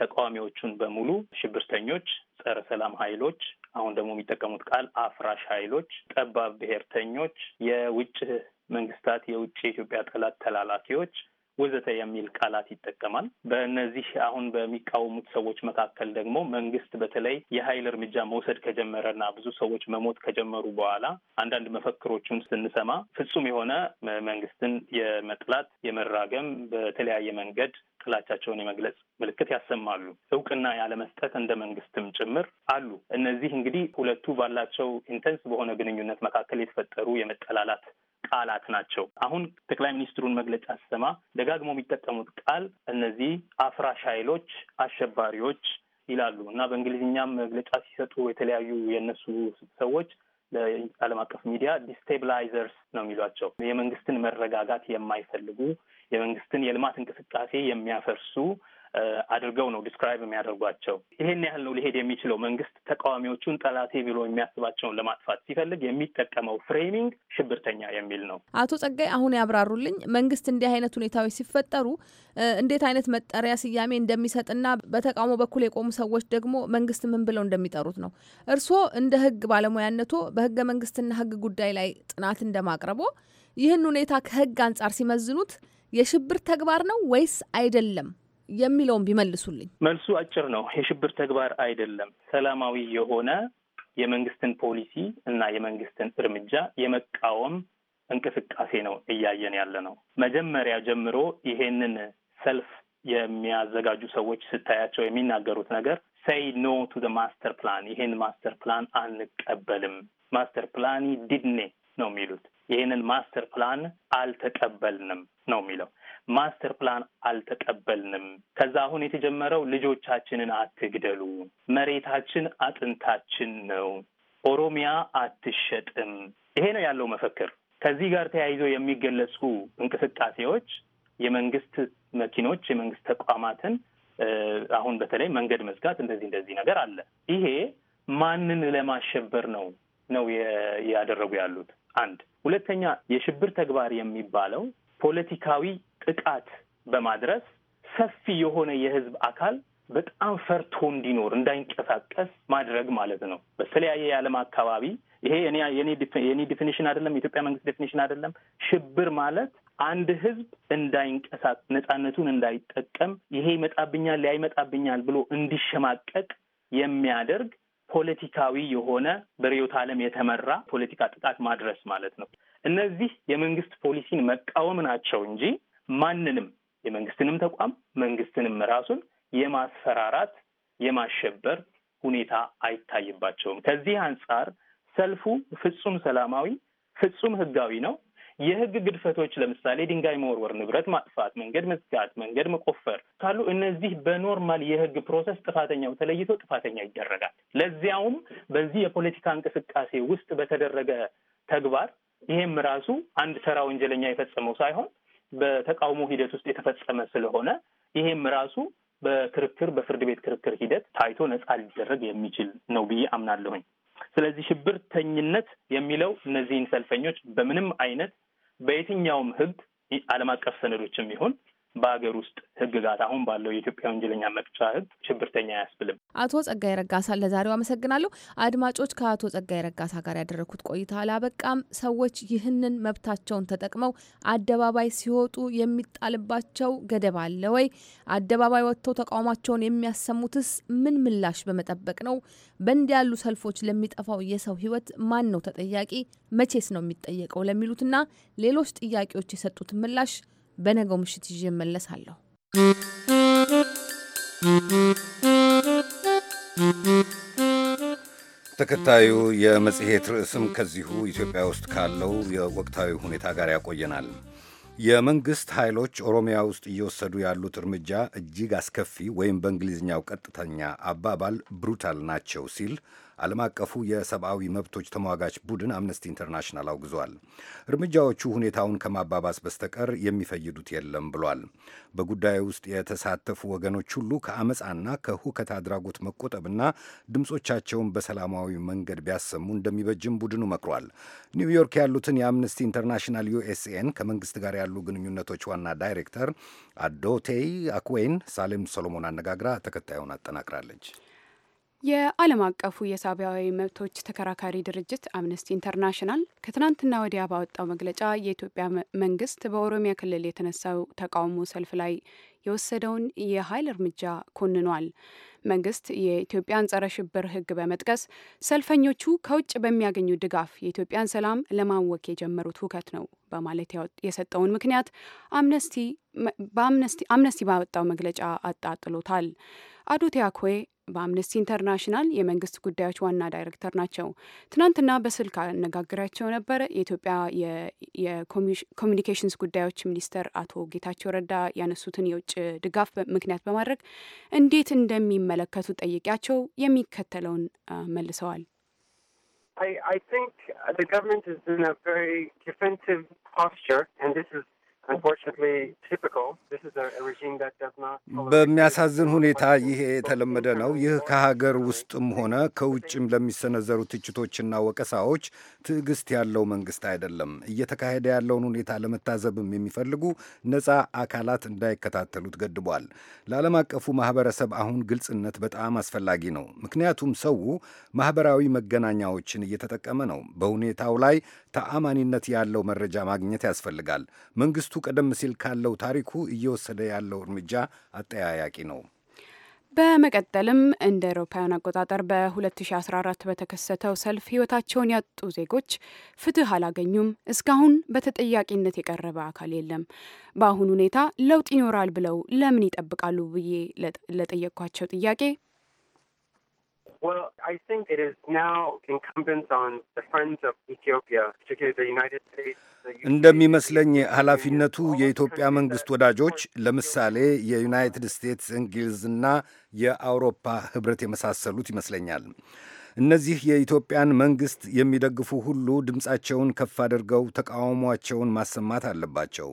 ተቃዋሚዎቹን በሙሉ ሽብርተኞች፣ ጸረ ሰላም ኃይሎች አሁን ደግሞ የሚጠቀሙት ቃል አፍራሽ ኃይሎች፣ ጠባብ ብሔርተኞች፣ የውጭ መንግስታት የውጭ የኢትዮጵያ ጠላት ተላላኪዎች ወዘተ የሚል ቃላት ይጠቀማል። በእነዚህ አሁን በሚቃወሙት ሰዎች መካከል ደግሞ መንግስት በተለይ የኃይል እርምጃ መውሰድ ከጀመረና ብዙ ሰዎች መሞት ከጀመሩ በኋላ አንዳንድ መፈክሮችን ስንሰማ ፍጹም የሆነ መንግስትን የመጥላት የመራገም፣ በተለያየ መንገድ ጥላቻቸውን የመግለጽ ምልክት ያሰማሉ። እውቅና ያለመስጠት እንደ መንግስትም ጭምር አሉ። እነዚህ እንግዲህ ሁለቱ ባላቸው ኢንተንስ በሆነ ግንኙነት መካከል የተፈጠሩ የመጠላላት ቃላት ናቸው። አሁን ጠቅላይ ሚኒስትሩን መግለጫ ስሰማ ደጋግሞ የሚጠቀሙት ቃል እነዚህ አፍራሽ ኃይሎች፣ አሸባሪዎች ይላሉ እና በእንግሊዝኛም መግለጫ ሲሰጡ የተለያዩ የእነሱ ሰዎች ለዓለም አቀፍ ሚዲያ ዲስቴብላይዘርስ ነው የሚሏቸው። የመንግስትን መረጋጋት የማይፈልጉ የመንግስትን የልማት እንቅስቃሴ የሚያፈርሱ አድርገው ነው ዲስክራይብ የሚያደርጓቸው። ይሄን ያህል ነው ሊሄድ የሚችለው መንግስት ተቃዋሚዎቹን ጠላቴ ብሎ የሚያስባቸውን ለማጥፋት ሲፈልግ የሚጠቀመው ፍሬሚንግ ሽብርተኛ የሚል ነው። አቶ ጸጋይ አሁን ያብራሩልኝ መንግስት እንዲህ አይነት ሁኔታዎች ሲፈጠሩ እንዴት አይነት መጠሪያ ስያሜ እንደሚሰጥና በተቃውሞ በኩል የቆሙ ሰዎች ደግሞ መንግስት ምን ብለው እንደሚጠሩት ነው። እርስዎ እንደ ህግ ባለሙያነቶ በህገ መንግስትና ህግ ጉዳይ ላይ ጥናት እንደማቅረቦ ይህን ሁኔታ ከህግ አንጻር ሲመዝኑት የሽብር ተግባር ነው ወይስ አይደለም? የሚለውን ቢመልሱልኝ። መልሱ አጭር ነው። የሽብር ተግባር አይደለም። ሰላማዊ የሆነ የመንግስትን ፖሊሲ እና የመንግስትን እርምጃ የመቃወም እንቅስቃሴ ነው እያየን ያለ ነው። መጀመሪያ ጀምሮ ይሄንን ሰልፍ የሚያዘጋጁ ሰዎች ስታያቸው የሚናገሩት ነገር ሰይ ኖ ቱ ደ ማስተር ፕላን፣ ይሄን ማስተር ፕላን አንቀበልም፣ ማስተር ፕላን ዲድኔ ነው የሚሉት። ይሄንን ማስተር ፕላን አልተቀበልንም ነው የሚለው። ማስተር ፕላን አልተቀበልንም። ከዛ አሁን የተጀመረው ልጆቻችንን አትግደሉ፣ መሬታችን አጥንታችን ነው፣ ኦሮሚያ አትሸጥም። ይሄ ነው ያለው መፈክር። ከዚህ ጋር ተያይዞ የሚገለጹ እንቅስቃሴዎች የመንግስት መኪኖች፣ የመንግስት ተቋማትን አሁን በተለይ መንገድ መዝጋት፣ እንደዚህ እንደዚህ ነገር አለ። ይሄ ማንን ለማሸበር ነው ነው ያደረጉ ያሉት? አንድ ሁለተኛ፣ የሽብር ተግባር የሚባለው ፖለቲካዊ ጥቃት በማድረስ ሰፊ የሆነ የህዝብ አካል በጣም ፈርቶ እንዲኖር እንዳይንቀሳቀስ ማድረግ ማለት ነው። በተለያየ የዓለም አካባቢ ይሄ የኔ ዲፊኒሽን አይደለም፣ የኢትዮጵያ መንግስት ዲፊኒሽን አይደለም። ሽብር ማለት አንድ ህዝብ እንዳይንቀሳቀስ ነፃነቱን እንዳይጠቀም ይሄ ይመጣብኛል ላይመጣብኛል ብሎ እንዲሸማቀቅ የሚያደርግ ፖለቲካዊ የሆነ በርዕዮተ ዓለም የተመራ ፖለቲካ ጥቃት ማድረስ ማለት ነው። እነዚህ የመንግስት ፖሊሲን መቃወም ናቸው እንጂ ማንንም የመንግስትንም ተቋም መንግስትንም ራሱን የማስፈራራት የማሸበር ሁኔታ አይታይባቸውም። ከዚህ አንጻር ሰልፉ ፍጹም ሰላማዊ፣ ፍጹም ህጋዊ ነው። የህግ ግድፈቶች ለምሳሌ ድንጋይ መወርወር፣ ንብረት ማጥፋት፣ መንገድ መዝጋት፣ መንገድ መቆፈር ካሉ እነዚህ በኖርማል የህግ ፕሮሰስ ጥፋተኛው ተለይቶ ጥፋተኛ ይደረጋል። ለዚያውም በዚህ የፖለቲካ እንቅስቃሴ ውስጥ በተደረገ ተግባር ይሄም ራሱ አንድ ተራ ወንጀለኛ የፈጸመው ሳይሆን በተቃውሞ ሂደት ውስጥ የተፈጸመ ስለሆነ ይሄም ራሱ በክርክር በፍርድ ቤት ክርክር ሂደት ታይቶ ነፃ ሊደረግ የሚችል ነው ብዬ አምናለሁኝ። ስለዚህ ሽብርተኝነት የሚለው እነዚህን ሰልፈኞች በምንም አይነት በየትኛውም ህግ ዓለም አቀፍ ሰነዶችም ይሁን በሀገር ውስጥ ህግጋት አሁን ባለው የኢትዮጵያ ወንጀለኛ መቅጫ ህግ ሽብርተኛ አያስብልም። አቶ ጸጋይ ረጋሳ ለዛሬው አመሰግናለሁ። አድማጮች፣ ከአቶ ጸጋይ ረጋሳ ጋር ያደረግኩት ቆይታ አላበቃም። ሰዎች ይህንን መብታቸውን ተጠቅመው አደባባይ ሲወጡ የሚጣልባቸው ገደብ አለ ወይ? አደባባይ ወጥተው ተቃውሟቸውን የሚያሰሙትስ ምን ምላሽ በመጠበቅ ነው? በእንዲ ያሉ ሰልፎች ለሚጠፋው የሰው ህይወት ማን ነው ተጠያቂ? መቼስ ነው የሚጠየቀው? ለሚሉትና ሌሎች ጥያቄዎች የሰጡት ምላሽ በነገው ምሽት ይዤ እመለሳለሁ። ተከታዩ የመጽሔት ርዕስም ከዚሁ ኢትዮጵያ ውስጥ ካለው የወቅታዊ ሁኔታ ጋር ያቆየናል። የመንግሥት ኃይሎች ኦሮሚያ ውስጥ እየወሰዱ ያሉት እርምጃ እጅግ አስከፊ ወይም በእንግሊዝኛው ቀጥተኛ አባባል ብሩታል ናቸው ሲል ዓለም አቀፉ የሰብአዊ መብቶች ተሟጋች ቡድን አምነስቲ ኢንተርናሽናል አውግዟል። እርምጃዎቹ ሁኔታውን ከማባባስ በስተቀር የሚፈይዱት የለም ብሏል። በጉዳዩ ውስጥ የተሳተፉ ወገኖች ሁሉ ከአመፃና ከሁከት አድራጎት መቆጠብና ድምፆቻቸውን በሰላማዊ መንገድ ቢያሰሙ እንደሚበጅም ቡድኑ መክሯል። ኒውዮርክ ያሉትን የአምነስቲ ኢንተርናሽናል ዩኤስኤን ከመንግስት ጋር ያሉ ግንኙነቶች ዋና ዳይሬክተር አዶቴይ አኩዌን ሳሌም ሶሎሞን አነጋግራ ተከታዩን አጠናቅራለች። የዓለም አቀፉ የሰብአዊ መብቶች ተከራካሪ ድርጅት አምነስቲ ኢንተርናሽናል ከትናንትና ወዲያ ባወጣው መግለጫ የኢትዮጵያ መንግስት በኦሮሚያ ክልል የተነሳው ተቃውሞ ሰልፍ ላይ የወሰደውን የኃይል እርምጃ ኮንኗል። መንግስት የኢትዮጵያን ጸረ ሽብር ሕግ በመጥቀስ ሰልፈኞቹ ከውጭ በሚያገኙ ድጋፍ የኢትዮጵያን ሰላም ለማወክ የጀመሩት ሁከት ነው በማለት የሰጠውን ምክንያት አምነስቲ አምነስቲ ባወጣው መግለጫ አጣጥሎታል። አዶቴ አኮዌ በአምነስቲ ኢንተርናሽናል የመንግስት ጉዳዮች ዋና ዳይሬክተር ናቸው። ትናንትና በስልክ አነጋግራቸው ነበረ። የኢትዮጵያ የኮሚኒኬሽንስ ጉዳዮች ሚኒስተር አቶ ጌታቸው ረዳ ያነሱትን የውጭ ድጋፍ ምክንያት በማድረግ እንዴት እንደሚመለከቱ ጠይቂያቸው የሚከተለውን መልሰዋል። I, I think the government is in a very defensive posture, and this is በሚያሳዝን ሁኔታ ይሄ የተለመደ ነው። ይህ ከሀገር ውስጥም ሆነ ከውጭም ለሚሰነዘሩ ትችቶችና ወቀሳዎች ትዕግስት ያለው መንግስት አይደለም። እየተካሄደ ያለውን ሁኔታ ለመታዘብም የሚፈልጉ ነፃ አካላት እንዳይከታተሉት ገድቧል። ለዓለም አቀፉ ማህበረሰብ አሁን ግልጽነት በጣም አስፈላጊ ነው። ምክንያቱም ሰው ማህበራዊ መገናኛዎችን እየተጠቀመ ነው። በሁኔታው ላይ ተአማኒነት ያለው መረጃ ማግኘት ያስፈልጋል። መንግስቱ ቀደም ሲል ካለው ታሪኩ እየወሰደ ያለው እርምጃ አጠያያቂ ነው። በመቀጠልም እንደ አውሮፓውያን አቆጣጠር በ2014 በተከሰተው ሰልፍ ህይወታቸውን ያጡ ዜጎች ፍትህ አላገኙም። እስካሁን በተጠያቂነት የቀረበ አካል የለም። በአሁኑ ሁኔታ ለውጥ ይኖራል ብለው ለምን ይጠብቃሉ ብዬ ለጠየቅኳቸው ጥያቄ Well, I think it is now incumbent on the friends of Ethiopia, particularly the United States. እንደሚመስለኝ ኃላፊነቱ የኢትዮጵያ መንግስት ወዳጆች ለምሳሌ የዩናይትድ ስቴትስ፣ እንግሊዝና የአውሮፓ ህብረት የመሳሰሉት ይመስለኛል። እነዚህ የኢትዮጵያን መንግስት የሚደግፉ ሁሉ ድምፃቸውን ከፍ አድርገው ተቃውሟቸውን ማሰማት አለባቸው።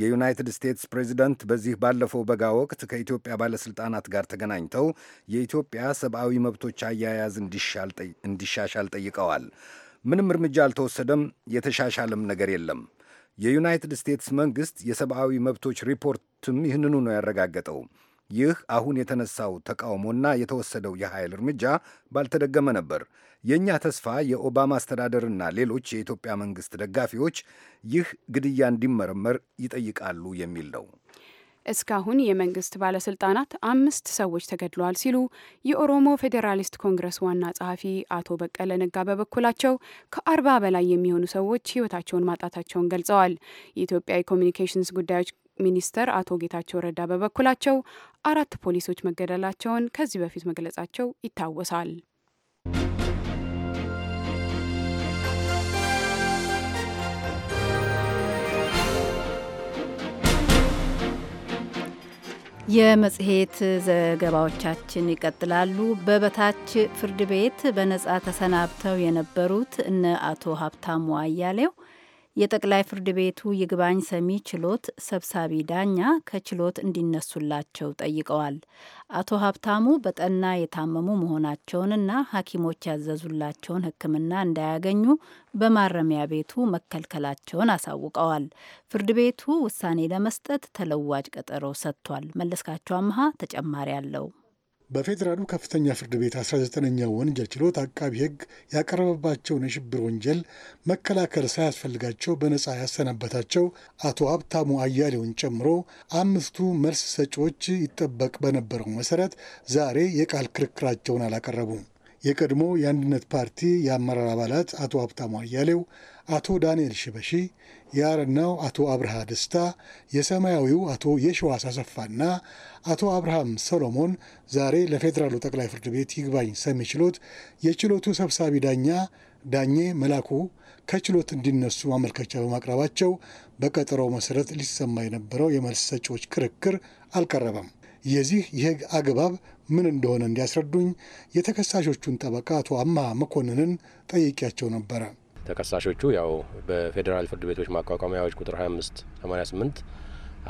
የዩናይትድ ስቴትስ ፕሬዚደንት በዚህ ባለፈው በጋ ወቅት ከኢትዮጵያ ባለሥልጣናት ጋር ተገናኝተው የኢትዮጵያ ሰብአዊ መብቶች አያያዝ እንዲሻሻል ጠይቀዋል። ምንም እርምጃ አልተወሰደም፣ የተሻሻለም ነገር የለም። የዩናይትድ ስቴትስ መንግሥት የሰብአዊ መብቶች ሪፖርትም ይህንኑ ነው ያረጋገጠው። ይህ አሁን የተነሳው ተቃውሞና የተወሰደው የኃይል እርምጃ ባልተደገመ ነበር። የእኛ ተስፋ የኦባማ አስተዳደርና ሌሎች የኢትዮጵያ መንግሥት ደጋፊዎች ይህ ግድያ እንዲመረመር ይጠይቃሉ የሚል ነው። እስካሁን የመንግስት ባለስልጣናት አምስት ሰዎች ተገድለዋል ሲሉ የኦሮሞ ፌዴራሊስት ኮንግረስ ዋና ጸሐፊ አቶ በቀለ ነጋ በበኩላቸው ከአርባ በላይ የሚሆኑ ሰዎች ህይወታቸውን ማጣታቸውን ገልጸዋል። የኢትዮጵያ የኮሚኒኬሽንስ ጉዳዮች ሚኒስተር አቶ ጌታቸው ረዳ በበኩላቸው አራት ፖሊሶች መገደላቸውን ከዚህ በፊት መግለጻቸው ይታወሳል። የመጽሔት ዘገባዎቻችን ይቀጥላሉ። በበታች ፍርድ ቤት በነጻ ተሰናብተው የነበሩት እነ አቶ ሀብታሙ አያሌው የጠቅላይ ፍርድ ቤቱ ይግባኝ ሰሚ ችሎት ሰብሳቢ ዳኛ ከችሎት እንዲነሱላቸው ጠይቀዋል። አቶ ሀብታሙ በጠና የታመሙ መሆናቸውንና ሐኪሞች ያዘዙላቸውን ሕክምና እንዳያገኙ በማረሚያ ቤቱ መከልከላቸውን አሳውቀዋል። ፍርድ ቤቱ ውሳኔ ለመስጠት ተለዋጭ ቀጠሮ ሰጥቷል። መለስካቸው አምሃ ተጨማሪ አለው። በፌዴራሉ ከፍተኛ ፍርድ ቤት 19ኛ ወንጀል ችሎት አቃቢ ሕግ ያቀረበባቸውን የሽብር ወንጀል መከላከል ሳያስፈልጋቸው በነፃ ያሰናበታቸው አቶ ሀብታሙ አያሌውን ጨምሮ አምስቱ መልስ ሰጪዎች ይጠበቅ በነበረው መሰረት ዛሬ የቃል ክርክራቸውን አላቀረቡም። የቀድሞ የአንድነት ፓርቲ የአመራር አባላት አቶ ሀብታሙ አያሌው አቶ ዳንኤል ሽበሺ፣ የአረናው አቶ አብርሃ ደስታ፣ የሰማያዊው አቶ የሸዋስ አሰፋና አቶ አብርሃም ሰሎሞን ዛሬ ለፌዴራሉ ጠቅላይ ፍርድ ቤት ይግባኝ ሰሚ ችሎት የችሎቱ ሰብሳቢ ዳኛ ዳኜ መላኩ ከችሎት እንዲነሱ ማመልከቻ በማቅረባቸው በቀጠሮ መሰረት ሊሰማ የነበረው የመልስ ሰጪዎች ክርክር አልቀረበም። የዚህ የህግ አግባብ ምን እንደሆነ እንዲያስረዱኝ የተከሳሾቹን ጠበቃ አቶ አማ መኮንንን ጠይቄያቸው ነበረ። ተከሳሾቹ ያው በፌዴራል ፍርድ ቤቶች ማቋቋሚያዎች ቁጥር 25 88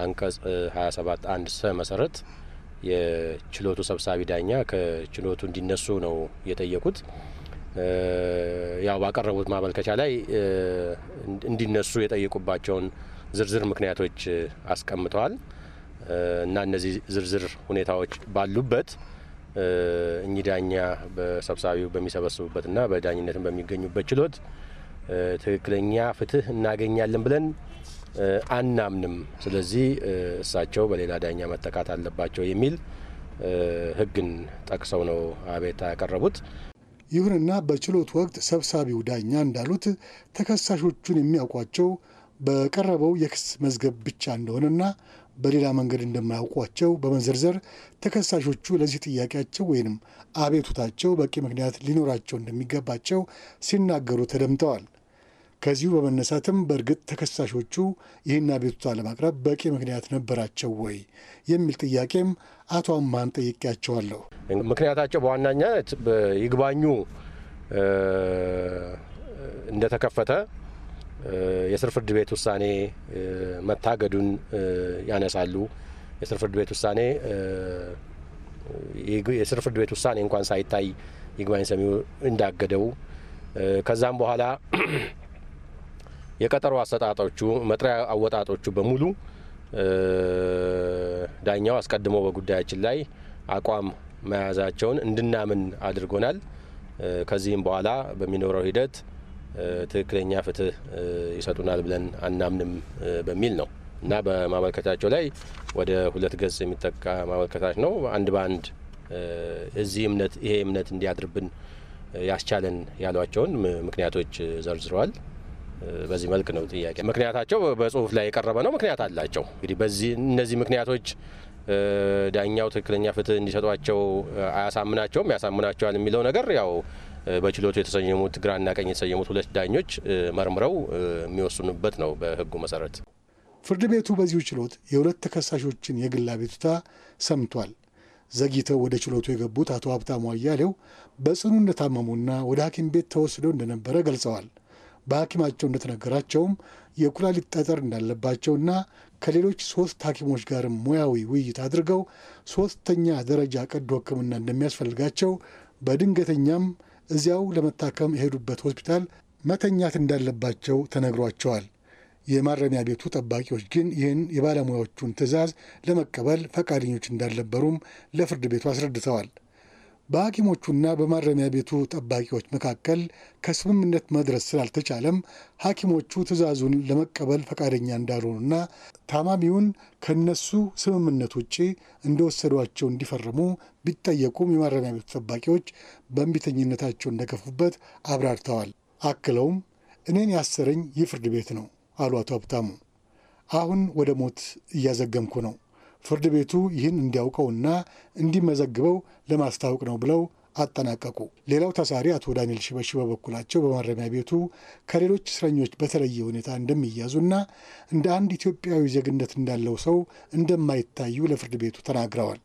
አንቀጽ 27 አንድ ሰ መሰረት የችሎቱ ሰብሳቢ ዳኛ ከችሎቱ እንዲነሱ ነው የጠየቁት። ያው ባቀረቡት ማመልከቻ ላይ እንዲነሱ የጠየቁባቸውን ዝርዝር ምክንያቶች አስቀምጠዋል እና እነዚህ ዝርዝር ሁኔታዎች ባሉበት እኚህ ዳኛ በሰብሳቢው በሚሰበስቡበትና በዳኝነትን በሚገኙበት ችሎት ትክክለኛ ፍትህ እናገኛለን ብለን አናምንም። ስለዚህ እሳቸው በሌላ ዳኛ መጠቃት አለባቸው የሚል ህግን ጠቅሰው ነው አቤት ያቀረቡት። ይሁንና በችሎት ወቅት ሰብሳቢው ዳኛ እንዳሉት ተከሳሾቹን የሚያውቋቸው በቀረበው የክስ መዝገብ ብቻ እንደሆነና በሌላ መንገድ እንደማያውቋቸው በመዘርዘር ተከሳሾቹ ለዚህ ጥያቄያቸው ወይንም አቤቱታቸው በቂ ምክንያት ሊኖራቸው እንደሚገባቸው ሲናገሩ ተደምጠዋል። ከዚሁ በመነሳትም በእርግጥ ተከሳሾቹ ይህን አቤቱታ ለማቅረብ በቂ ምክንያት ነበራቸው ወይ የሚል ጥያቄም አቶ አማን ጠይቄያቸዋለሁ። ምክንያታቸው በዋናኛነት ይግባኙ እንደተከፈተ የስር ፍርድ ቤት ውሳኔ መታገዱን ያነሳሉ። የስር ፍርድ ቤት ውሳኔ የስር ፍርድ ቤት ውሳኔ እንኳን ሳይታይ ይግባኝ ሰሚው እንዳገደው ከዛም በኋላ የቀጠሮ አሰጣጦቹ፣ መጥሪያ አወጣጦቹ በሙሉ ዳኛው አስቀድሞ በጉዳያችን ላይ አቋም መያዛቸውን እንድናምን አድርጎናል። ከዚህም በኋላ በሚኖረው ሂደት ትክክለኛ ፍትህ ይሰጡናል ብለን አናምንም በሚል ነው እና በማመልከቻቸው ላይ ወደ ሁለት ገጽ የሚጠቃ ማመልከታች ነው። አንድ በአንድ እዚህ እምነት ይሄ እምነት እንዲያድርብን ያስቻለን ያሏቸውን ምክንያቶች ዘርዝረዋል። በዚህ መልክ ነው ጥያቄ። ምክንያታቸው በጽሁፍ ላይ የቀረበ ነው። ምክንያት አላቸው። እንግዲህ በዚህ እነዚህ ምክንያቶች ዳኛው ትክክለኛ ፍትህ እንዲሰጧቸው አያሳምናቸውም፣ ያሳምናቸዋል የሚለው ነገር ያው በችሎቱ የተሰየሙት ግራና ቀኝ የተሰየሙት ሁለት ዳኞች መርምረው የሚወስኑበት ነው በህጉ መሰረት። ፍርድ ቤቱ በዚሁ ችሎት የሁለት ተከሳሾችን የግል አቤቱታ ሰምቷል። ዘግይተው ወደ ችሎቱ የገቡት አቶ ሀብታሙ አያሌው በጽኑ እንደታመሙና ወደ ሐኪም ቤት ተወስደው እንደነበረ ገልጸዋል። በሐኪማቸው እንደተነገራቸውም የኩላሊት ጠጠር እንዳለባቸውና ከሌሎች ሶስት ሐኪሞች ጋርም ሙያዊ ውይይት አድርገው ሶስተኛ ደረጃ ቀዶ ሕክምና እንደሚያስፈልጋቸው በድንገተኛም እዚያው ለመታከም የሄዱበት ሆስፒታል መተኛት እንዳለባቸው ተነግሯቸዋል። የማረሚያ ቤቱ ጠባቂዎች ግን ይህን የባለሙያዎቹን ትዕዛዝ ለመቀበል ፈቃደኞች እንዳልነበሩም ለፍርድ ቤቱ አስረድተዋል። በሐኪሞቹና በማረሚያ ቤቱ ጠባቂዎች መካከል ከስምምነት መድረስ ስላልተቻለም ሐኪሞቹ ትዕዛዙን ለመቀበል ፈቃደኛ እንዳልሆኑና ታማሚውን ከነሱ ስምምነት ውጪ እንደወሰዷቸው እንዲፈርሙ ቢጠየቁም የማረሚያ ቤቱ ጠባቂዎች በእንቢተኝነታቸው እንደገፉበት አብራርተዋል። አክለውም እኔን ያሰረኝ ይህ ፍርድ ቤት ነው አሉ አቶ ሀብታሙ። አሁን ወደ ሞት እያዘገምኩ ነው ፍርድ ቤቱ ይህን እንዲያውቀውና እንዲመዘግበው ለማስታወቅ ነው ብለው አጠናቀቁ። ሌላው ታሳሪ አቶ ዳንኤል ሽበሺ በበኩላቸው በማረሚያ ቤቱ ከሌሎች እስረኞች በተለየ ሁኔታ እንደሚያዙና እንደ አንድ ኢትዮጵያዊ ዜግነት እንዳለው ሰው እንደማይታዩ ለፍርድ ቤቱ ተናግረዋል።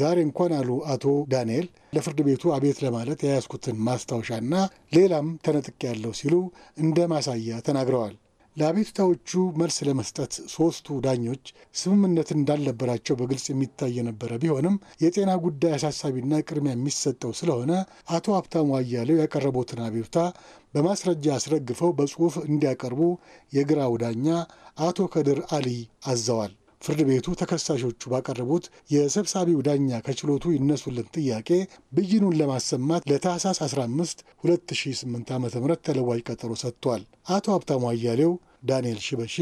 ዛሬ እንኳን አሉ አቶ ዳንኤል ለፍርድ ቤቱ አቤት ለማለት የያዝኩትን ማስታወሻና ሌላም ተነጥቅ ያለው ሲሉ እንደ ማሳያ ተናግረዋል። ለአቤቱታዎቹ መልስ ለመስጠት ሶስቱ ዳኞች ስምምነት እንዳልነበራቸው በግልጽ የሚታይ የነበረ ቢሆንም የጤና ጉዳይ አሳሳቢና ቅድሚያ የሚሰጠው ስለሆነ አቶ ሀብታሙ አያሌው ያቀረቡትን አቤቱታ በማስረጃ አስረግፈው በጽሑፍ እንዲያቀርቡ የግራው ዳኛ አቶ ከድር አሊ አዘዋል። ፍርድ ቤቱ ተከሳሾቹ ባቀረቡት የሰብሳቢው ዳኛ ከችሎቱ ይነሱልን ጥያቄ ብይኑን ለማሰማት ለታህሳስ 15 2008 ዓ ም ተለዋጭ ቀጠሮ ሰጥቷል። አቶ ሀብታሙ አያሌው፣ ዳንኤል ሽበሺ፣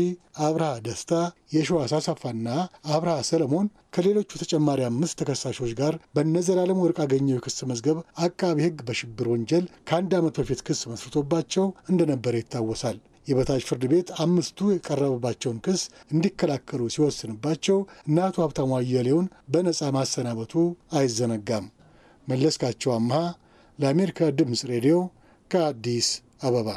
አብርሃ ደስታ፣ የሸዋስ አሳፋና አብርሃ ሰለሞን ከሌሎቹ ተጨማሪ አምስት ተከሳሾች ጋር በነዘላለም ወርቅ አገኘው የክስ መዝገብ አቃቢ ሕግ በሽብር ወንጀል ከአንድ ዓመት በፊት ክስ መስርቶባቸው እንደነበረ ይታወሳል። የበታች ፍርድ ቤት አምስቱ የቀረበባቸውን ክስ እንዲከላከሉ ሲወስንባቸው እነ አቶ ሀብታሙ አያሌውን በነፃ ማሰናበቱ አይዘነጋም። መለስካቸው አምሃ ለአሜሪካ ድምፅ ሬዲዮ ከአዲስ አበባ።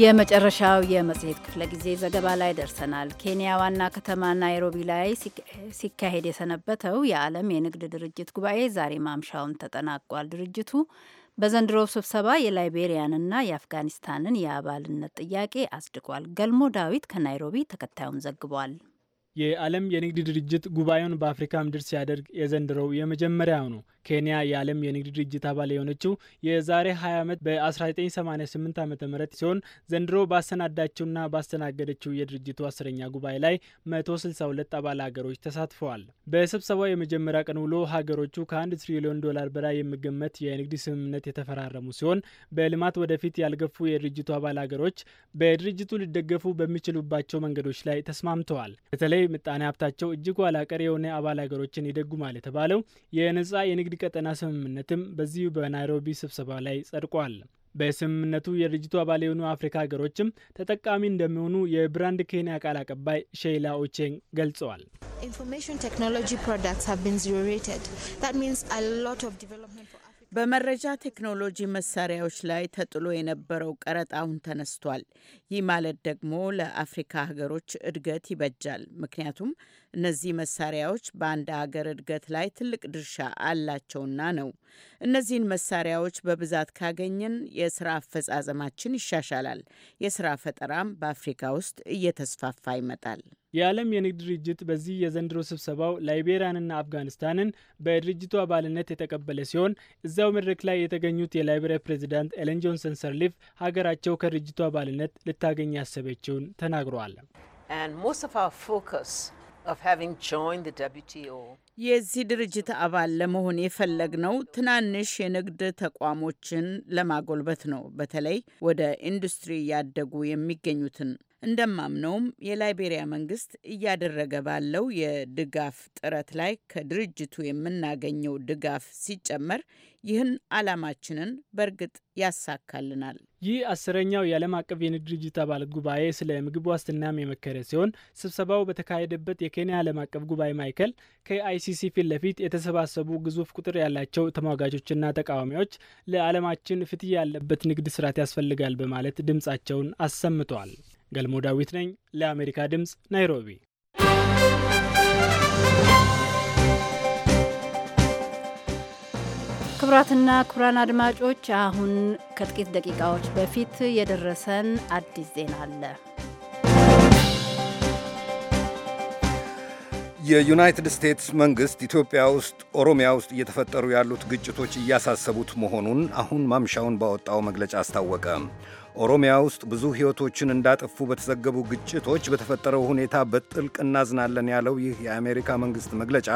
የመጨረሻው የመጽሔት ክፍለ ጊዜ ዘገባ ላይ ደርሰናል። ኬንያ ዋና ከተማ ናይሮቢ ላይ ሲካሄድ የሰነበተው የዓለም የንግድ ድርጅት ጉባኤ ዛሬ ማምሻውን ተጠናቋል። ድርጅቱ በዘንድሮው ስብሰባ የላይቤሪያንና የአፍጋኒስታንን የአባልነት ጥያቄ አጽድቋል። ገልሞ ዳዊት ከናይሮቢ ተከታዩን ዘግቧል። የዓለም የንግድ ድርጅት ጉባኤውን በአፍሪካ ምድር ሲያደርግ የዘንድሮው የመጀመሪያው ነው። ኬንያ የዓለም የንግድ ድርጅት አባል የሆነችው የዛሬ 20 ዓመት በ1988 ዓ ም ሲሆን ዘንድሮ ባሰናዳችውና ባስተናገደችው የድርጅቱ አስረኛ ጉባኤ ላይ 162 አባል ሀገሮች ተሳትፈዋል። በስብሰባው የመጀመሪያ ቀን ውሎ ሀገሮቹ ከ1 ትሪሊዮን ዶላር በላይ የሚገመት የንግድ ስምምነት የተፈራረሙ ሲሆን በልማት ወደፊት ያልገፉ የድርጅቱ አባል ሀገሮች በድርጅቱ ሊደገፉ በሚችሉባቸው መንገዶች ላይ ተስማምተዋል። በተለይ ምጣኔ ሀብታቸው እጅግ ኋላ ቀር የሆነ አባል ሀገሮችን ይደጉማል የተባለው የነጻ የንግድ የንግድ ቀጠና ስምምነትም በዚሁ በናይሮቢ ስብሰባ ላይ ጸድቋል። በስምምነቱ የድርጅቱ አባል የሆኑ አፍሪካ ሀገሮችም ተጠቃሚ እንደሚሆኑ የብራንድ ኬንያ ቃል አቀባይ ሼይላ ኦቼንግ ገልጸዋል። ኢንፎርሜሽን ቴክኖሎጂ ፕሮዳክትስ ሃቭ ቢን ዜሮ ሬትድ በመረጃ ቴክኖሎጂ መሳሪያዎች ላይ ተጥሎ የነበረው ቀረጥ አሁን ተነስቷል። ይህ ማለት ደግሞ ለአፍሪካ ሀገሮች እድገት ይበጃል። ምክንያቱም እነዚህ መሳሪያዎች በአንድ ሀገር እድገት ላይ ትልቅ ድርሻ አላቸውና ነው። እነዚህን መሳሪያዎች በብዛት ካገኘን የስራ አፈጻጸማችን ይሻሻላል። የስራ ፈጠራም በአፍሪካ ውስጥ እየተስፋፋ ይመጣል። የዓለም የንግድ ድርጅት በዚህ የዘንድሮ ስብሰባው ላይቤሪያንና አፍጋኒስታንን በድርጅቱ አባልነት የተቀበለ ሲሆን እዚያው መድረክ ላይ የተገኙት የላይቤሪያ ፕሬዚዳንት ኤለን ጆንሰን ሰርሊፍ ሀገራቸው ከድርጅቱ አባልነት ልታገኝ ያሰበችውን ተናግረዋል። የዚህ ድርጅት አባል ለመሆን የፈለግነው ትናንሽ የንግድ ተቋሞችን ለማጎልበት ነው። በተለይ ወደ ኢንዱስትሪ እያደጉ የሚገኙትን እንደማምነውም የላይቤሪያ መንግስት እያደረገ ባለው የድጋፍ ጥረት ላይ ከድርጅቱ የምናገኘው ድጋፍ ሲጨመር ይህን ዓላማችንን በእርግጥ ያሳካልናል። ይህ አስረኛው የዓለም አቀፍ የንግድ ድርጅት አባል ጉባኤ ስለ ምግብ ዋስትናም የመከረ ሲሆን ስብሰባው በተካሄደበት የኬንያ ዓለም አቀፍ ጉባኤ ማዕከል ከአይሲሲ ፊት ለፊት የተሰባሰቡ ግዙፍ ቁጥር ያላቸው ተሟጋቾችና ተቃዋሚዎች ለዓለማችን ፍትህ ያለበት ንግድ ስርዓት ያስፈልጋል በማለት ድምጻቸውን አሰምተዋል። ገልሞ ዳዊት ነኝ ለአሜሪካ ድምፅ ናይሮቢ። ክቡራትና ክቡራን አድማጮች አሁን ከጥቂት ደቂቃዎች በፊት የደረሰን አዲስ ዜና አለ። የዩናይትድ ስቴትስ መንግስት ኢትዮጵያ ውስጥ ኦሮሚያ ውስጥ እየተፈጠሩ ያሉት ግጭቶች እያሳሰቡት መሆኑን አሁን ማምሻውን ባወጣው መግለጫ አስታወቀ። ኦሮሚያ ውስጥ ብዙ ሕይወቶችን እንዳጠፉ በተዘገቡ ግጭቶች በተፈጠረው ሁኔታ በጥልቅ እናዝናለን ያለው ይህ የአሜሪካ መንግሥት መግለጫ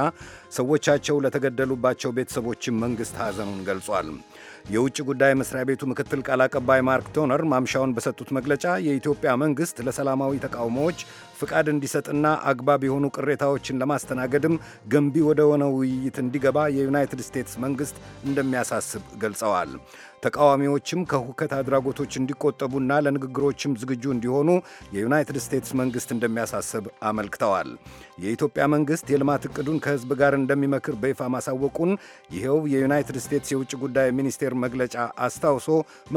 ሰዎቻቸው ለተገደሉባቸው ቤተሰቦችን መንግሥት ሐዘኑን ገልጿል። የውጭ ጉዳይ መስሪያ ቤቱ ምክትል ቃል አቀባይ ማርክ ቶነር ማምሻውን በሰጡት መግለጫ የኢትዮጵያ መንግሥት ለሰላማዊ ተቃውሞዎች ፍቃድ እንዲሰጥና አግባብ የሆኑ ቅሬታዎችን ለማስተናገድም ገንቢ ወደ ሆነ ውይይት እንዲገባ የዩናይትድ ስቴትስ መንግሥት እንደሚያሳስብ ገልጸዋል። ተቃዋሚዎችም ከሁከት አድራጎቶች እንዲቆጠቡና ለንግግሮችም ዝግጁ እንዲሆኑ የዩናይትድ ስቴትስ መንግሥት እንደሚያሳስብ አመልክተዋል። የኢትዮጵያ መንግሥት የልማት እቅዱን ከሕዝብ ጋር እንደሚመክር በይፋ ማሳወቁን ይኸው የዩናይትድ ስቴትስ የውጭ ጉዳይ ሚኒስቴር መግለጫ አስታውሶ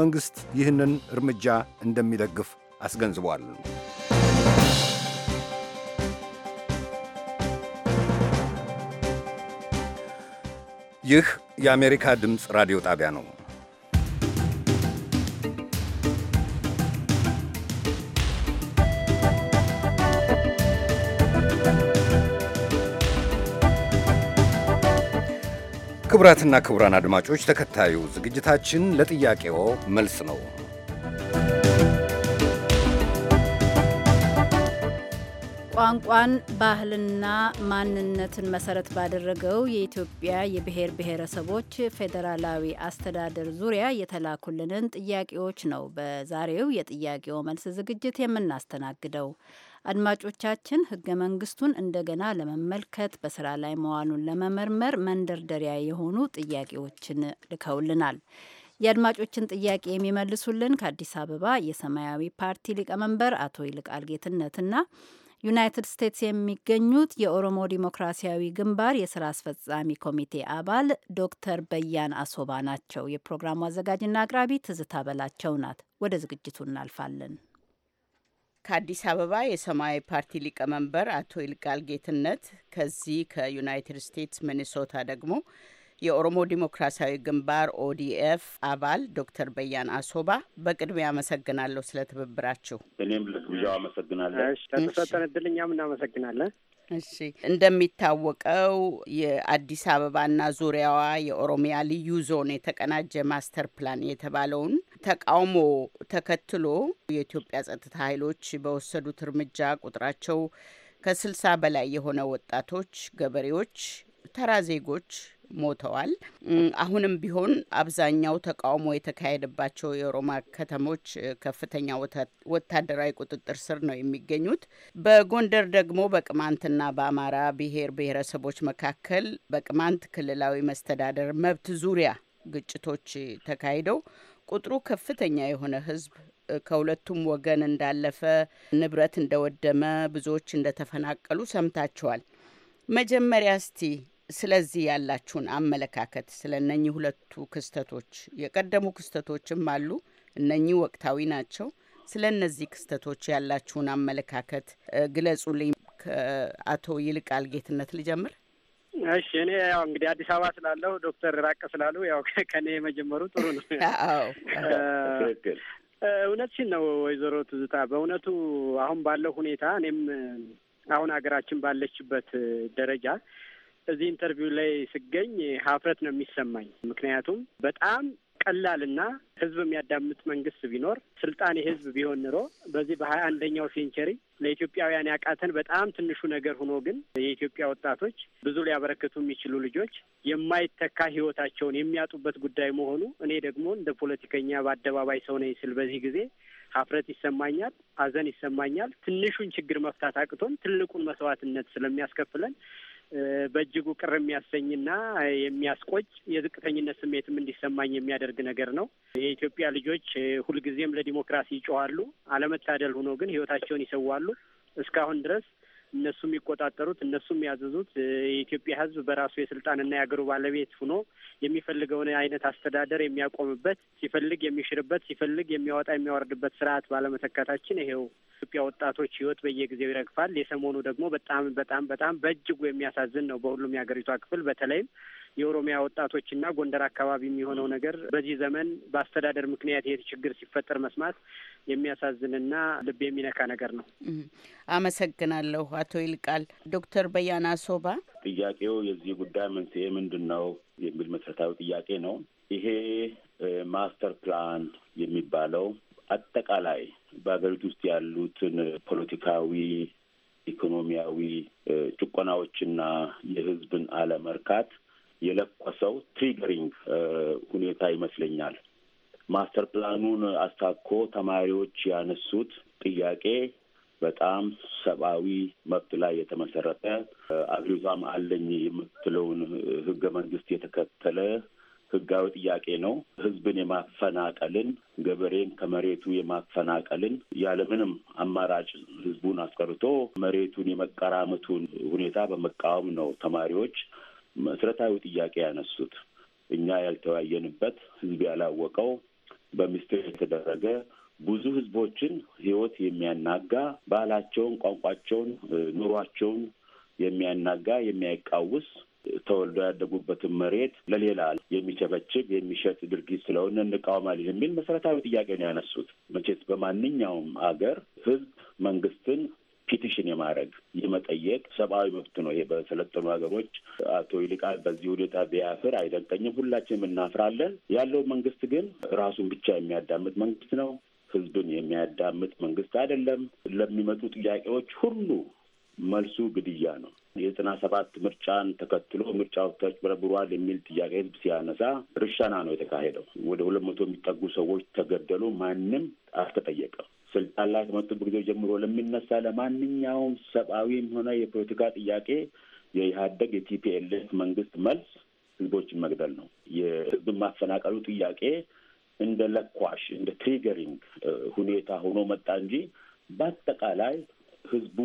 መንግሥት ይህንን እርምጃ እንደሚደግፍ አስገንዝቧል። ይህ የአሜሪካ ድምፅ ራዲዮ ጣቢያ ነው። ክቡራትና ክቡራን አድማጮች ተከታዩ ዝግጅታችን ለጥያቄዎ መልስ ነው። ቋንቋን ባህልና ማንነትን መሰረት ባደረገው የኢትዮጵያ የብሔር ብሔረሰቦች ፌዴራላዊ አስተዳደር ዙሪያ የተላኩልንን ጥያቄዎች ነው በዛሬው የጥያቄው መልስ ዝግጅት የምናስተናግደው። አድማጮቻችን ህገ መንግስቱን እንደገና ለመመልከት በስራ ላይ መዋሉን ለመመርመር መንደርደሪያ የሆኑ ጥያቄዎችን ልከውልናል። የአድማጮችን ጥያቄ የሚመልሱልን ከአዲስ አበባ የሰማያዊ ፓርቲ ሊቀመንበር አቶ ይልቃል ጌትነትና ዩናይትድ ስቴትስ የሚገኙት የኦሮሞ ዲሞክራሲያዊ ግንባር የስራ አስፈጻሚ ኮሚቴ አባል ዶክተር በያን አሶባ ናቸው። የፕሮግራሙ አዘጋጅና አቅራቢ ትዝታ በላቸው ናት። ወደ ዝግጅቱ እናልፋለን። ከአዲስ አበባ የሰማያዊ ፓርቲ ሊቀመንበር አቶ ይልቃል ጌትነት፣ ከዚህ ከዩናይትድ ስቴትስ ሚኒሶታ ደግሞ የኦሮሞ ዲሞክራሲያዊ ግንባር ኦዲኤፍ አባል ዶክተር በያን አሶባ በቅድሚያ አመሰግናለሁ ስለ ትብብራችሁ። እኔም ለግብዣው አመሰግናለሁ። ስለተሰጠን እድል እኛም እናመሰግናለን። እሺ እንደሚታወቀው የአዲስ አበባና ዙሪያዋ የኦሮሚያ ልዩ ዞን የተቀናጀ ማስተር ፕላን የተባለውን ተቃውሞ ተከትሎ የኢትዮጵያ ጸጥታ ኃይሎች በወሰዱት እርምጃ ቁጥራቸው ከስልሳ በላይ የሆነ ወጣቶች፣ ገበሬዎች፣ ተራ ዜጎች ሞተዋል። አሁንም ቢሆን አብዛኛው ተቃውሞ የተካሄደባቸው የኦሮማ ከተሞች ከፍተኛ ወታደራዊ ቁጥጥር ስር ነው የሚገኙት። በጎንደር ደግሞ በቅማንትና በአማራ ብሔር ብሔረሰቦች መካከል በቅማንት ክልላዊ መስተዳደር መብት ዙሪያ ግጭቶች ተካሂደው ቁጥሩ ከፍተኛ የሆነ ህዝብ ከሁለቱም ወገን እንዳለፈ፣ ንብረት እንደወደመ፣ ብዙዎች እንደተፈናቀሉ ሰምታችኋል። መጀመሪያ እስቲ ስለዚህ ያላችሁን አመለካከት ስለ እነኚህ ሁለቱ ክስተቶች፣ የቀደሙ ክስተቶችም አሉ፣ እነኚህ ወቅታዊ ናቸው። ስለ እነዚህ ክስተቶች ያላችሁን አመለካከት ግለጹልኝ። ከአቶ ይልቃል ጌትነት ልጀምር። እሺ እኔ ያው እንግዲህ አዲስ አበባ ስላለሁ ዶክተር ራቀ ስላሉ ያው ከኔ የመጀመሩ ጥሩ ነው። ትክክል እውነትሽን ነው ወይዘሮ ትዝታ። በእውነቱ አሁን ባለው ሁኔታ እኔም አሁን ሀገራችን ባለችበት ደረጃ እዚህ ኢንተርቪው ላይ ስገኝ ሀፍረት ነው የሚሰማኝ። ምክንያቱም በጣም ቀላልና ህዝብ የሚያዳምጥ መንግስት ቢኖር ስልጣን የህዝብ ቢሆን ኑሮ በዚህ በሀያ አንደኛው ሴንቸሪ ለኢትዮጵያውያን ያቃተን በጣም ትንሹ ነገር ሆኖ ግን የኢትዮጵያ ወጣቶች ብዙ ሊያበረክቱ የሚችሉ ልጆች የማይተካ ህይወታቸውን የሚያጡበት ጉዳይ መሆኑ እኔ ደግሞ እንደ ፖለቲከኛ በአደባባይ ሰው ነኝ ስል በዚህ ጊዜ ሀፍረት ይሰማኛል፣ ሀዘን ይሰማኛል። ትንሹን ችግር መፍታት አቅቶን ትልቁን መስዋዕትነት ስለሚያስከፍለን በእጅጉ ቅር የሚያሰኝና የሚያስቆጭ የዝቅተኝነት ስሜትም እንዲሰማኝ የሚያደርግ ነገር ነው። የኢትዮጵያ ልጆች ሁልጊዜም ለዲሞክራሲ ይጮኋሉ። አለመታደል ሆኖ ግን ህይወታቸውን ይሰዋሉ። እስካሁን ድረስ እነሱ የሚቆጣጠሩት እነሱ የሚያዘዙት የኢትዮጵያ ሕዝብ በራሱ የስልጣንና የአገሩ ባለቤት ሆኖ የሚፈልገውን አይነት አስተዳደር የሚያቆምበት ሲፈልግ የሚሽርበት ሲፈልግ የሚያወጣ የሚያወርድበት ስርዓት ባለመተካታችን ይሄው ኢትዮጵያ ወጣቶች ሕይወት በየጊዜው ይረግፋል። የሰሞኑ ደግሞ በጣም በጣም በጣም በእጅጉ የሚያሳዝን ነው። በሁሉም የሀገሪቷ ክፍል በተለይም የኦሮሚያ ወጣቶችና ጎንደር አካባቢ የሚሆነው ነገር በዚህ ዘመን በአስተዳደር ምክንያት ይሄ ችግር ሲፈጠር መስማት የሚያሳዝንና ልብ የሚነካ ነገር ነው። አመሰግናለሁ አቶ ይልቃል። ዶክተር በያና ሶባ ጥያቄው የዚህ ጉዳይ መንስኤ ምንድን ነው የሚል መሰረታዊ ጥያቄ ነው። ይሄ ማስተር ፕላን የሚባለው አጠቃላይ በሀገሪቱ ውስጥ ያሉትን ፖለቲካዊ፣ ኢኮኖሚያዊ ጭቆናዎችና የሕዝብን አለመርካት የለኮሰው ትሪገሪንግ ሁኔታ ይመስለኛል። ማስተር ፕላኑን አስታኮ ተማሪዎች ያነሱት ጥያቄ በጣም ሰብአዊ መብት ላይ የተመሰረተ አግሪዟም አለኝ የምትለውን ህገ መንግስት የተከተለ ህጋዊ ጥያቄ ነው። ህዝብን የማፈናቀልን፣ ገበሬን ከመሬቱ የማፈናቀልን ያለምንም አማራጭ ህዝቡን አስቀርቶ መሬቱን የመቀራመቱን ሁኔታ በመቃወም ነው ተማሪዎች መሰረታዊ ጥያቄ ያነሱት እኛ ያልተወያየንበት ህዝብ ያላወቀው በሚስጥር የተደረገ ብዙ ህዝቦችን ህይወት የሚያናጋ ባህላቸውን፣ ቋንቋቸውን፣ ኑሯቸውን የሚያናጋ የሚያቃውስ ተወልዶ ያደጉበትን መሬት ለሌላ የሚቸበችብ የሚሸጥ ድርጊት ስለሆነ እንቃወማለን የሚል መሰረታዊ ጥያቄ ነው ያነሱት። መቼት በማንኛውም አገር ህዝብ መንግስትን ፒቲሽን የማድረግ የመጠየቅ ሰብአዊ መብት ነው። ይሄ በሰለጠኑ ሀገሮች አቶ ይልቃል በዚህ ሁኔታ ቢያፍር አይደንቀኝም። ሁላችንም እናፍራለን። ያለው መንግስት ግን ራሱን ብቻ የሚያዳምጥ መንግስት ነው። ህዝብን የሚያዳምጥ መንግስት አይደለም። ለሚመጡ ጥያቄዎች ሁሉ መልሱ ግድያ ነው። የዘጠና ሰባት ምርጫን ተከትሎ ምርጫው ተጭበረብሯል የሚል ጥያቄ ህዝብ ሲያነሳ ርሻና ነው የተካሄደው። ወደ ሁለት መቶ የሚጠጉ ሰዎች ተገደሉ። ማንም አልተጠየቀም። ስልጣን ላይ ከመጡ ጊዜ ጀምሮ ለሚነሳ ለማንኛውም ሰብአዊም ሆነ የፖለቲካ ጥያቄ የኢህአደግ የቲፒኤልኤፍ መንግስት መልስ ህዝቦችን መግደል ነው። የህዝብ ማፈናቀሉ ጥያቄ እንደ ለኳሽ እንደ ትሪገሪንግ ሁኔታ ሆኖ መጣ እንጂ በአጠቃላይ ህዝቡ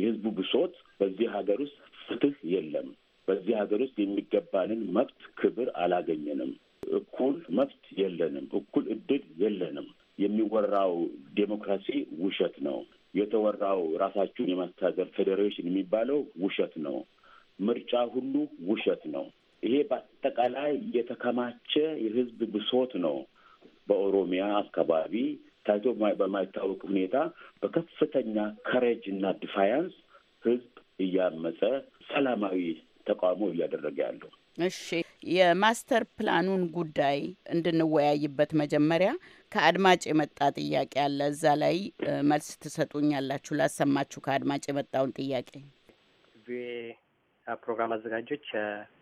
የህዝቡ ብሶት በዚህ ሀገር ውስጥ ፍትህ የለም፣ በዚህ ሀገር ውስጥ የሚገባንን መብት ክብር አላገኘንም፣ እኩል መብት የለንም፣ እኩል እድል የለንም የሚወራው ዴሞክራሲ ውሸት ነው። የተወራው ራሳችሁን የማስተዳደር ፌዴሬሽን የሚባለው ውሸት ነው። ምርጫ ሁሉ ውሸት ነው። ይሄ በአጠቃላይ የተከማቸ የህዝብ ብሶት ነው። በኦሮሚያ አካባቢ ታይቶ በማይታወቅ ሁኔታ በከፍተኛ ከረጅ እና ዲፋያንስ ህዝብ እያመፀ ሰላማዊ ተቃውሞ እያደረገ ያለው። እሺ የማስተር ፕላኑን ጉዳይ እንድንወያይበት መጀመሪያ ከአድማጭ የመጣ ጥያቄ አለ። እዛ ላይ መልስ ትሰጡኛላችሁ። ላሰማችሁ ከአድማጭ የመጣውን ጥያቄ ፕሮግራም አዘጋጆች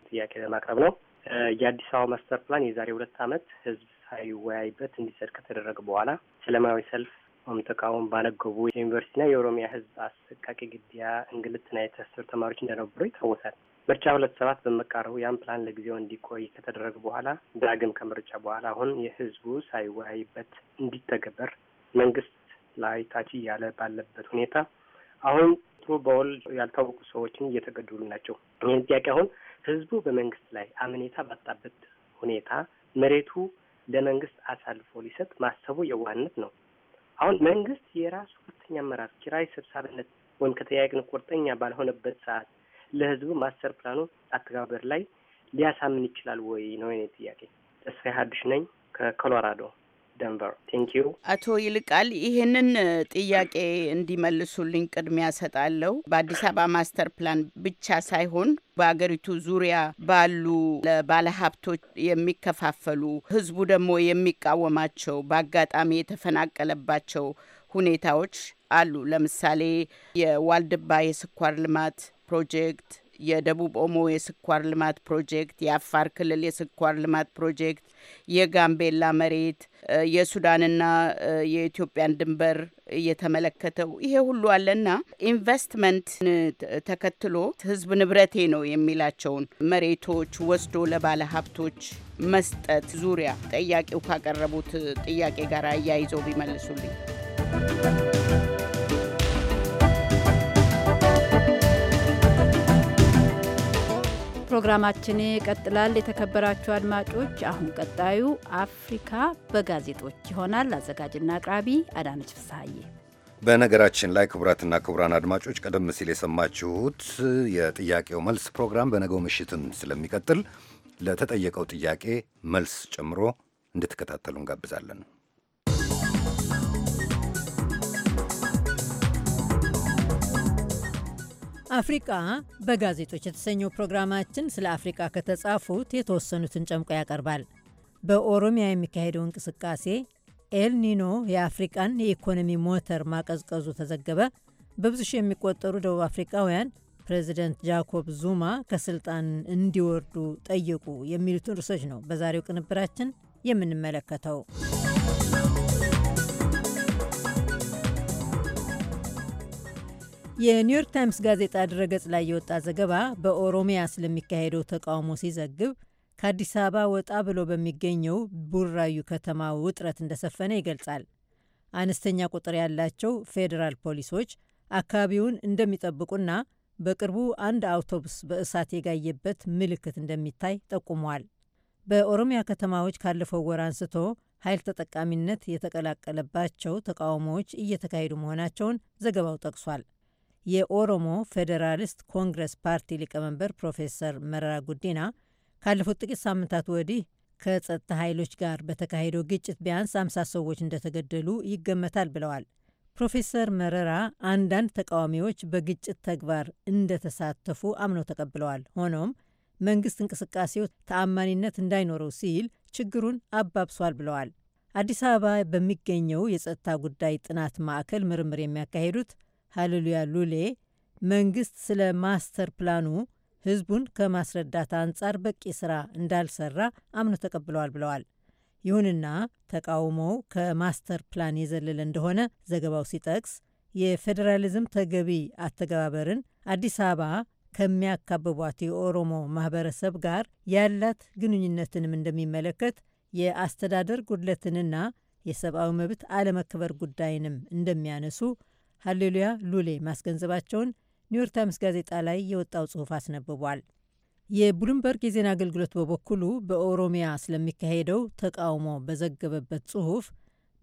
ጥያቄ ለማቅረብ ነው። የአዲስ አበባ ማስተር ፕላን የዛሬ ሁለት ዓመት ህዝብ ሳይወያይበት እንዲሰድ ከተደረገ በኋላ ሰላማዊ ሰልፍ መምጠቃውን ባነገቡ የዩኒቨርሲቲና የኦሮሚያ ህዝብ አሰቃቂ ግድያ፣ እንግልትና የታሰሩ ተማሪዎች እንደነበሩ ይታወሳል። ምርጫ ሁለት ሰባት በመቃረቡ ያን ፕላን ለጊዜው እንዲቆይ ከተደረገ በኋላ ዳግም ከምርጫ በኋላ አሁን የህዝቡ ሳይወያይበት እንዲተገበር መንግስት ላይ ታች እያለ ባለበት ሁኔታ አሁን ጥሩ በውል ያልታወቁ ሰዎችን እየተገደሉ ናቸው። ይህን ጥያቄ አሁን ህዝቡ በመንግስት ላይ አመኔታ ባጣበት ሁኔታ መሬቱ ለመንግስት አሳልፎ ሊሰጥ ማሰቡ የዋህነት ነው። አሁን መንግስት የራሱ ከፍተኛ አመራር ኪራይ ሰብሳቢነት ወይም ከተያያቅን ቁርጠኛ ባልሆነበት ሰዓት ለህዝቡ ማስተር ፕላኑ አተገባበር ላይ ሊያሳምን ይችላል ወይ ነው የኔ ጥያቄ። ተስፋ ሀዱሽ ነኝ ከኮሎራዶ ደንቨር። አቶ ይልቃል ይህንን ጥያቄ እንዲመልሱልኝ ቅድሚያ ሰጣለሁ። በአዲስ አበባ ማስተር ፕላን ብቻ ሳይሆን በአገሪቱ ዙሪያ ባሉ ለባለሀብቶች የሚከፋፈሉ ህዝቡ ደግሞ የሚቃወማቸው በአጋጣሚ የተፈናቀለባቸው ሁኔታዎች አሉ። ለምሳሌ የዋልድባ የስኳር ልማት ፕሮጀክት፣ የደቡብ ኦሞ የስኳር ልማት ፕሮጀክት፣ የአፋር ክልል የስኳር ልማት ፕሮጀክት፣ የጋምቤላ መሬት፣ የሱዳንና የኢትዮጵያን ድንበር እየተመለከተው ይሄ ሁሉ አለና ኢንቨስትመንት ተከትሎ ሕዝብ ንብረቴ ነው የሚላቸውን መሬቶች ወስዶ ለባለ ሀብቶች መስጠት ዙሪያ ጠያቂው ካቀረቡት ጥያቄ ጋር አያይዘው ቢመልሱልኝ። ፕሮግራማችን ይቀጥላል። የተከበራችሁ አድማጮች፣ አሁን ቀጣዩ አፍሪካ በጋዜጦች ይሆናል። አዘጋጅና አቅራቢ አዳነች ፍስሐዬ። በነገራችን ላይ ክቡራትና ክቡራን አድማጮች ቀደም ሲል የሰማችሁት የጥያቄው መልስ ፕሮግራም በነገው ምሽትም ስለሚቀጥል ለተጠየቀው ጥያቄ መልስ ጨምሮ እንድትከታተሉ እንጋብዛለን። አፍሪቃ በጋዜጦች የተሰኘው ፕሮግራማችን ስለ አፍሪቃ ከተጻፉት የተወሰኑትን ጨምቆ ያቀርባል። በኦሮሚያ የሚካሄደው እንቅስቃሴ፣ ኤልኒኖ የአፍሪቃን የኢኮኖሚ ሞተር ማቀዝቀዙ ተዘገበ፣ በብዙ ሺህ የሚቆጠሩ ደቡብ አፍሪቃውያን ፕሬዚደንት ጃኮብ ዙማ ከስልጣን እንዲወርዱ ጠየቁ የሚሉትን ርዕሶች ነው በዛሬው ቅንብራችን የምንመለከተው። የኒውዮርክ ታይምስ ጋዜጣ ድረገጽ ላይ የወጣ ዘገባ በኦሮሚያ ስለሚካሄደው ተቃውሞ ሲዘግብ ከአዲስ አበባ ወጣ ብሎ በሚገኘው ቡራዩ ከተማ ውጥረት እንደሰፈነ ይገልጻል። አነስተኛ ቁጥር ያላቸው ፌዴራል ፖሊሶች አካባቢውን እንደሚጠብቁና በቅርቡ አንድ አውቶቡስ በእሳት የጋየበት ምልክት እንደሚታይ ጠቁሟል። በኦሮሚያ ከተማዎች ካለፈው ወር አንስቶ ኃይል ተጠቃሚነት የተቀላቀለባቸው ተቃውሞዎች እየተካሄዱ መሆናቸውን ዘገባው ጠቅሷል። የኦሮሞ ፌዴራሊስት ኮንግረስ ፓርቲ ሊቀመንበር ፕሮፌሰር መረራ ጉዲና ካለፉት ጥቂት ሳምንታት ወዲህ ከጸጥታ ኃይሎች ጋር በተካሄደው ግጭት ቢያንስ አምሳ ሰዎች እንደተገደሉ ይገመታል ብለዋል። ፕሮፌሰር መረራ አንዳንድ ተቃዋሚዎች በግጭት ተግባር እንደተሳተፉ አምነው ተቀብለዋል። ሆኖም መንግስት እንቅስቃሴው ተአማኒነት እንዳይኖረው ሲል ችግሩን አባብሷል ብለዋል። አዲስ አበባ በሚገኘው የጸጥታ ጉዳይ ጥናት ማዕከል ምርምር የሚያካሂዱት ሃሌሉያ ሉሌ መንግስት ስለ ማስተር ፕላኑ ህዝቡን ከማስረዳት አንጻር በቂ ስራ እንዳልሰራ አምኖ ተቀብለዋል ብለዋል። ይሁንና ተቃውሞው ከማስተር ፕላን የዘለለ እንደሆነ ዘገባው ሲጠቅስ የፌዴራሊዝም ተገቢ አተገባበርን አዲስ አበባ ከሚያካብቧት የኦሮሞ ማህበረሰብ ጋር ያላት ግንኙነትንም እንደሚመለከት የአስተዳደር ጉድለትንና የሰብአዊ መብት አለመከበር ጉዳይንም እንደሚያነሱ ሃሌሉያ ሉሌ ማስገንዘባቸውን ኒውዮርክ ታይምስ ጋዜጣ ላይ የወጣው ጽሑፍ አስነብቧል። የብሉምበርግ የዜና አገልግሎት በበኩሉ በኦሮሚያ ስለሚካሄደው ተቃውሞ በዘገበበት ጽሑፍ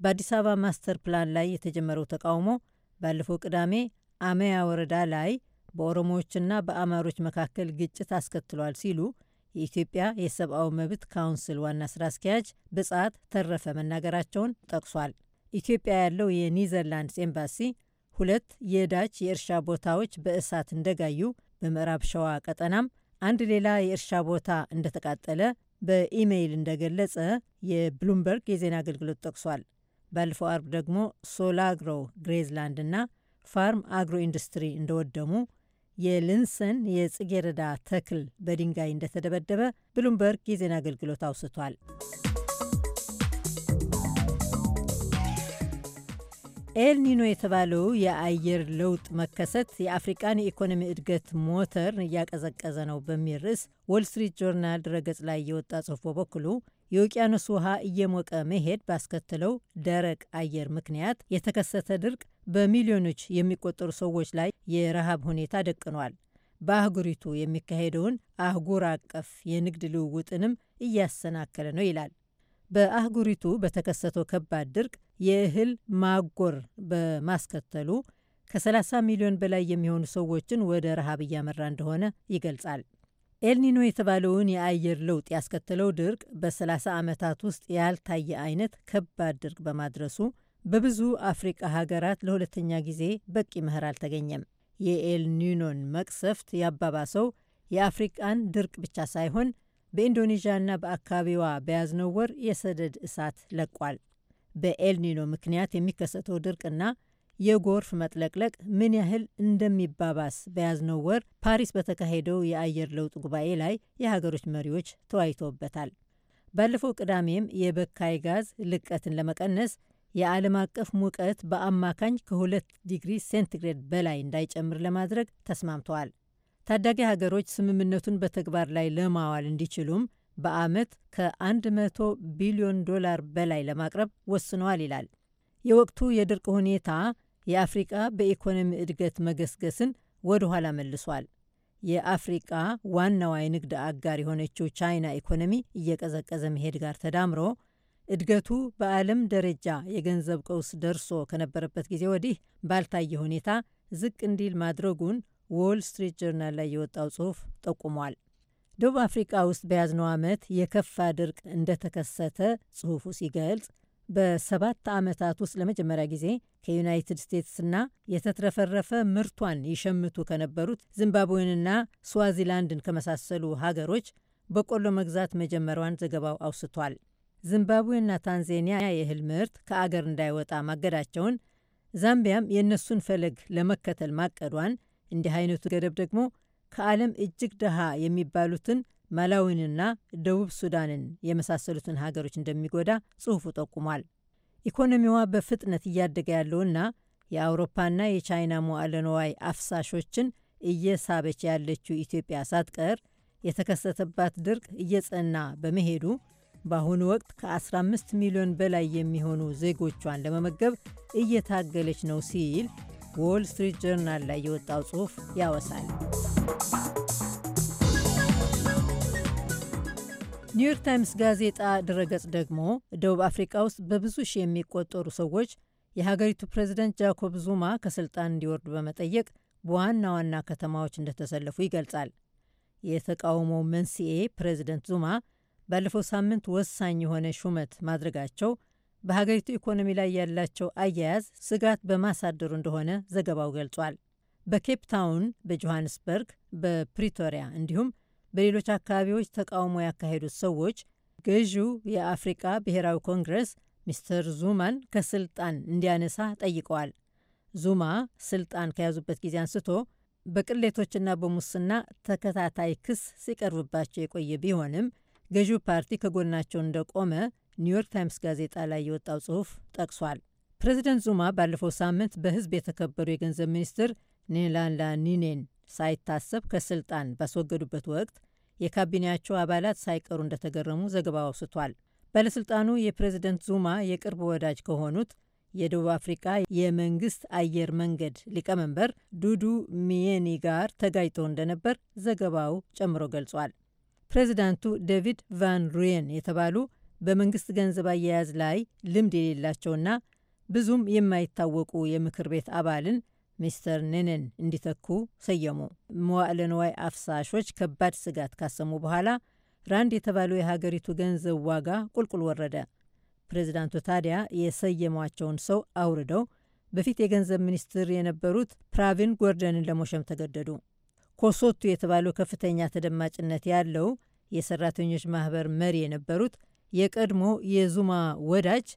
በአዲስ አበባ ማስተር ፕላን ላይ የተጀመረው ተቃውሞ ባለፈው ቅዳሜ አመያ ወረዳ ላይ በኦሮሞዎችና በአማሮች መካከል ግጭት አስከትሏል ሲሉ የኢትዮጵያ የሰብአዊ መብት ካውንስል ዋና ስራ አስኪያጅ ብጻት ተረፈ መናገራቸውን ጠቅሷል። ኢትዮጵያ ያለው የኒዘርላንድስ ኤምባሲ ሁለት የዳች የእርሻ ቦታዎች በእሳት እንደጋዩ፣ በምዕራብ ሸዋ ቀጠናም አንድ ሌላ የእርሻ ቦታ እንደተቃጠለ በኢሜይል እንደገለጸ የብሉምበርግ የዜና አገልግሎት ጠቅሷል። ባለፈው አርብ ደግሞ ሶላግሮ ግሬዝላንድ እና ፋርም አግሮ ኢንዱስትሪ እንደወደሙ የልንሰን የጽጌረዳ ተክል በድንጋይ እንደተደበደበ ብሉምበርግ የዜና አገልግሎት አውስቷል። ኤልኒኖ የተባለው የአየር ለውጥ መከሰት የአፍሪቃን የኢኮኖሚ እድገት ሞተር እያቀዘቀዘ ነው በሚል ርዕስ ወልስትሪት ጆርናል ድረገጽ ላይ የወጣ ጽሑፍ በበኩሉ የውቅያኖስ ውሃ እየሞቀ መሄድ ባስከተለው ደረቅ አየር ምክንያት የተከሰተ ድርቅ በሚሊዮኖች የሚቆጠሩ ሰዎች ላይ የረሃብ ሁኔታ ደቅኗል፣ በአህጉሪቱ የሚካሄደውን አህጉር አቀፍ የንግድ ልውውጥንም እያሰናከለ ነው ይላል። በአህጉሪቱ በተከሰተው ከባድ ድርቅ የእህል ማጎር በማስከተሉ ከ30 ሚሊዮን በላይ የሚሆኑ ሰዎችን ወደ ረሃብ እያመራ እንደሆነ ይገልጻል። ኤልኒኖ የተባለውን የአየር ለውጥ ያስከተለው ድርቅ በ30 ዓመታት ውስጥ ያልታየ አይነት ከባድ ድርቅ በማድረሱ በብዙ አፍሪቃ ሀገራት ለሁለተኛ ጊዜ በቂ መኸር አልተገኘም። የኤልኒኖን መቅሰፍት ያባባሰው የአፍሪቃን ድርቅ ብቻ ሳይሆን በኢንዶኔዥያና በአካባቢዋ በያዝነው ወር የሰደድ እሳት ለቋል። በኤልኒኖ ምክንያት የሚከሰተው ድርቅና የጎርፍ መጥለቅለቅ ምን ያህል እንደሚባባስ በያዝነው ወር ፓሪስ በተካሄደው የአየር ለውጥ ጉባኤ ላይ የሀገሮች መሪዎች ተወያይተውበታል። ባለፈው ቅዳሜም የበካይ ጋዝ ልቀትን ለመቀነስ የዓለም አቀፍ ሙቀት በአማካኝ ከሁለት ዲግሪ ሴንቲግሬድ በላይ እንዳይጨምር ለማድረግ ተስማምተዋል። ታዳጊ ሀገሮች ስምምነቱን በተግባር ላይ ለማዋል እንዲችሉም በዓመት ከ100 ቢሊዮን ዶላር በላይ ለማቅረብ ወስነዋል ይላል። የወቅቱ የድርቅ ሁኔታ የአፍሪቃ በኢኮኖሚ እድገት መገስገስን ወደ ኋላ መልሷል። የአፍሪቃ ዋናዋ የንግድ አጋር የሆነችው ቻይና ኢኮኖሚ እየቀዘቀዘ መሄድ ጋር ተዳምሮ እድገቱ በዓለም ደረጃ የገንዘብ ቀውስ ደርሶ ከነበረበት ጊዜ ወዲህ ባልታየ ሁኔታ ዝቅ እንዲል ማድረጉን ዎል ስትሪት ጆርናል ላይ የወጣው ጽሑፍ ጠቁሟል። ደቡብ አፍሪቃ ውስጥ በያዝነው ዓመት የከፋ ድርቅ እንደተከሰተ ጽሑፉ ሲገልጽ በሰባት ዓመታት ውስጥ ለመጀመሪያ ጊዜ ከዩናይትድ ስቴትስና የተትረፈረፈ ምርቷን ይሸምቱ ከነበሩት ዚምባብዌንና ስዋዚላንድን ከመሳሰሉ ሀገሮች በቆሎ መግዛት መጀመሯን ዘገባው አውስቷል። ዚምባብዌና ታንዛኒያ የእህል ምርት ከአገር እንዳይወጣ ማገዳቸውን፣ ዛምቢያም የእነሱን ፈለግ ለመከተል ማቀዷን፣ እንዲህ አይነቱ ገደብ ደግሞ ከዓለም እጅግ ድሃ የሚባሉትን ማላዊንና ደቡብ ሱዳንን የመሳሰሉትን ሀገሮች እንደሚጎዳ ጽሑፉ ጠቁሟል። ኢኮኖሚዋ በፍጥነት እያደገ ያለውና የአውሮፓና የቻይና መዋዕለ ንዋይ አፍሳሾችን እየሳበች ያለችው ኢትዮጵያ ሳትቀር የተከሰተባት ድርቅ እየጸና በመሄዱ በአሁኑ ወቅት ከ15 ሚሊዮን በላይ የሚሆኑ ዜጎቿን ለመመገብ እየታገለች ነው ሲል ዎል ስትሪት ጆርናል ላይ የወጣው ጽሑፍ ያወሳል። ኒውዮርክ ታይምስ ጋዜጣ ድረገጽ ደግሞ ደቡብ አፍሪካ ውስጥ በብዙ ሺህ የሚቆጠሩ ሰዎች የሀገሪቱ ፕሬዚደንት ጃኮብ ዙማ ከስልጣን እንዲወርዱ በመጠየቅ በዋና ዋና ከተማዎች እንደተሰለፉ ይገልጻል። የተቃውሞው መንስኤ ፕሬዚደንት ዙማ ባለፈው ሳምንት ወሳኝ የሆነ ሹመት ማድረጋቸው በሀገሪቱ ኢኮኖሚ ላይ ያላቸው አያያዝ ስጋት በማሳደሩ እንደሆነ ዘገባው ገልጿል። በኬፕ ታውን፣ በጆሃንስበርግ፣ በፕሪቶሪያ እንዲሁም በሌሎች አካባቢዎች ተቃውሞ ያካሄዱት ሰዎች ገዢው የአፍሪቃ ብሔራዊ ኮንግረስ ሚስተር ዙማን ከስልጣን እንዲያነሳ ጠይቀዋል። ዙማ ስልጣን ከያዙበት ጊዜ አንስቶ በቅሌቶችና በሙስና ተከታታይ ክስ ሲቀርብባቸው የቆየ ቢሆንም ገዢው ፓርቲ ከጎናቸው እንደቆመ ኒውዮርክ ታይምስ ጋዜጣ ላይ የወጣው ጽሑፍ ጠቅሷል። ፕሬዚደንት ዙማ ባለፈው ሳምንት በሕዝብ የተከበሩ የገንዘብ ሚኒስትር ኔላንላኒኔን ሳይታሰብ ከስልጣን ባስወገዱበት ወቅት የካቢኔያቸው አባላት ሳይቀሩ እንደተገረሙ ዘገባው አውስቷል። ባለሥልጣኑ የፕሬዝደንት ዙማ የቅርብ ወዳጅ ከሆኑት የደቡብ አፍሪቃ የመንግስት አየር መንገድ ሊቀመንበር ዱዱ ሚየኒ ጋር ተጋጭተው እንደነበር ዘገባው ጨምሮ ገልጿል። ፕሬዚዳንቱ ዴቪድ ቫን ሩየን የተባሉ በመንግስት ገንዘብ አያያዝ ላይ ልምድ የሌላቸውና ብዙም የማይታወቁ የምክር ቤት አባልን ሚስተር ኔነን እንዲተኩ ሰየሙ። መዋዕለ ንዋይ አፍሳሾች ከባድ ስጋት ካሰሙ በኋላ ራንድ የተባለው የሀገሪቱ ገንዘብ ዋጋ ቁልቁል ወረደ። ፕሬዚዳንቱ ታዲያ የሰየሟቸውን ሰው አውርደው በፊት የገንዘብ ሚኒስትር የነበሩት ፕራቪን ጎርደንን ለመሾም ተገደዱ። ኮሶቱ የተባለው ከፍተኛ ተደማጭነት ያለው የሰራተኞች ማህበር መሪ የነበሩት የቀድሞ የዙማ ወዳጅ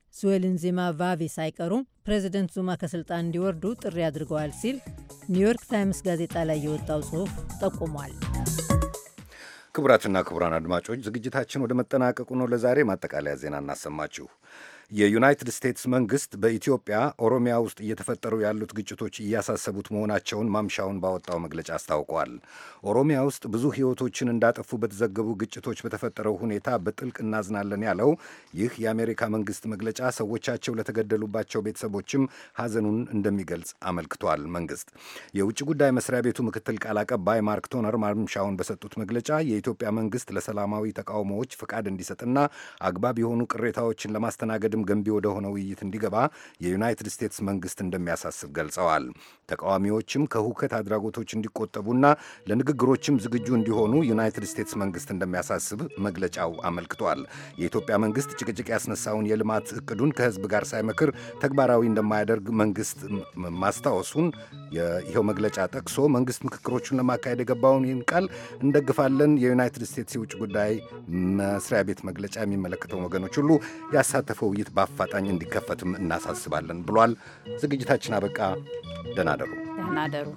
ዚማ ቫቬ ሳይቀሩ ፕሬዚደንት ዙማ ከስልጣን እንዲወርዱ ጥሪ አድርገዋል ሲል ኒውዮርክ ታይምስ ጋዜጣ ላይ የወጣው ጽሑፍ ጠቁሟል። ክቡራትና ክቡራን አድማጮች ዝግጅታችን ወደ መጠናቀቁ ነው። ለዛሬ ማጠቃለያ ዜና እናሰማችሁ። የዩናይትድ ስቴትስ መንግስት በኢትዮጵያ ኦሮሚያ ውስጥ እየተፈጠሩ ያሉት ግጭቶች እያሳሰቡት መሆናቸውን ማምሻውን ባወጣው መግለጫ አስታውቋል። ኦሮሚያ ውስጥ ብዙ ሕይወቶችን እንዳጠፉ በተዘገቡ ግጭቶች በተፈጠረው ሁኔታ በጥልቅ እናዝናለን ያለው ይህ የአሜሪካ መንግስት መግለጫ ሰዎቻቸው ለተገደሉባቸው ቤተሰቦችም ሐዘኑን እንደሚገልጽ አመልክቷል። መንግስት የውጭ ጉዳይ መስሪያ ቤቱ ምክትል ቃል አቀባይ ማርክ ቶነር ማምሻውን በሰጡት መግለጫ የኢትዮጵያ መንግስት ለሰላማዊ ተቃውሞዎች ፍቃድ እንዲሰጥና አግባብ የሆኑ ቅሬታዎችን ለማስተናገድ አካሄድም ገንቢ ሆነ ውይይት እንዲገባ የዩናይትድ ስቴትስ መንግስት እንደሚያሳስብ ገልጸዋል። ተቃዋሚዎችም ከሁከት አድራጎቶች እንዲቆጠቡና ለንግግሮችም ዝግጁ እንዲሆኑ ዩናይትድ ስቴትስ መንግስት እንደሚያሳስብ መግለጫው አመልክቷል። የኢትዮጵያ መንግስት ጭቅጭቅ ያስነሳውን የልማት እቅዱን ከህዝብ ጋር ሳይመክር ተግባራዊ እንደማያደርግ መንግስት ማስታወሱን ይኸው መግለጫ ጠቅሶ መንግስት ምክክሮቹን ለማካሄድ የገባውን ይህን ቃል እንደግፋለን፣ የዩናይትድ ስቴትስ የውጭ ጉዳይ መስሪያ ቤት መግለጫ የሚመለከተውን ወገኖች ሁሉ ያሳተፈው ድርጅት በአፋጣኝ እንዲከፈትም እናሳስባለን ብሏል። ዝግጅታችን አበቃ። ደናደሩ ደናደሩ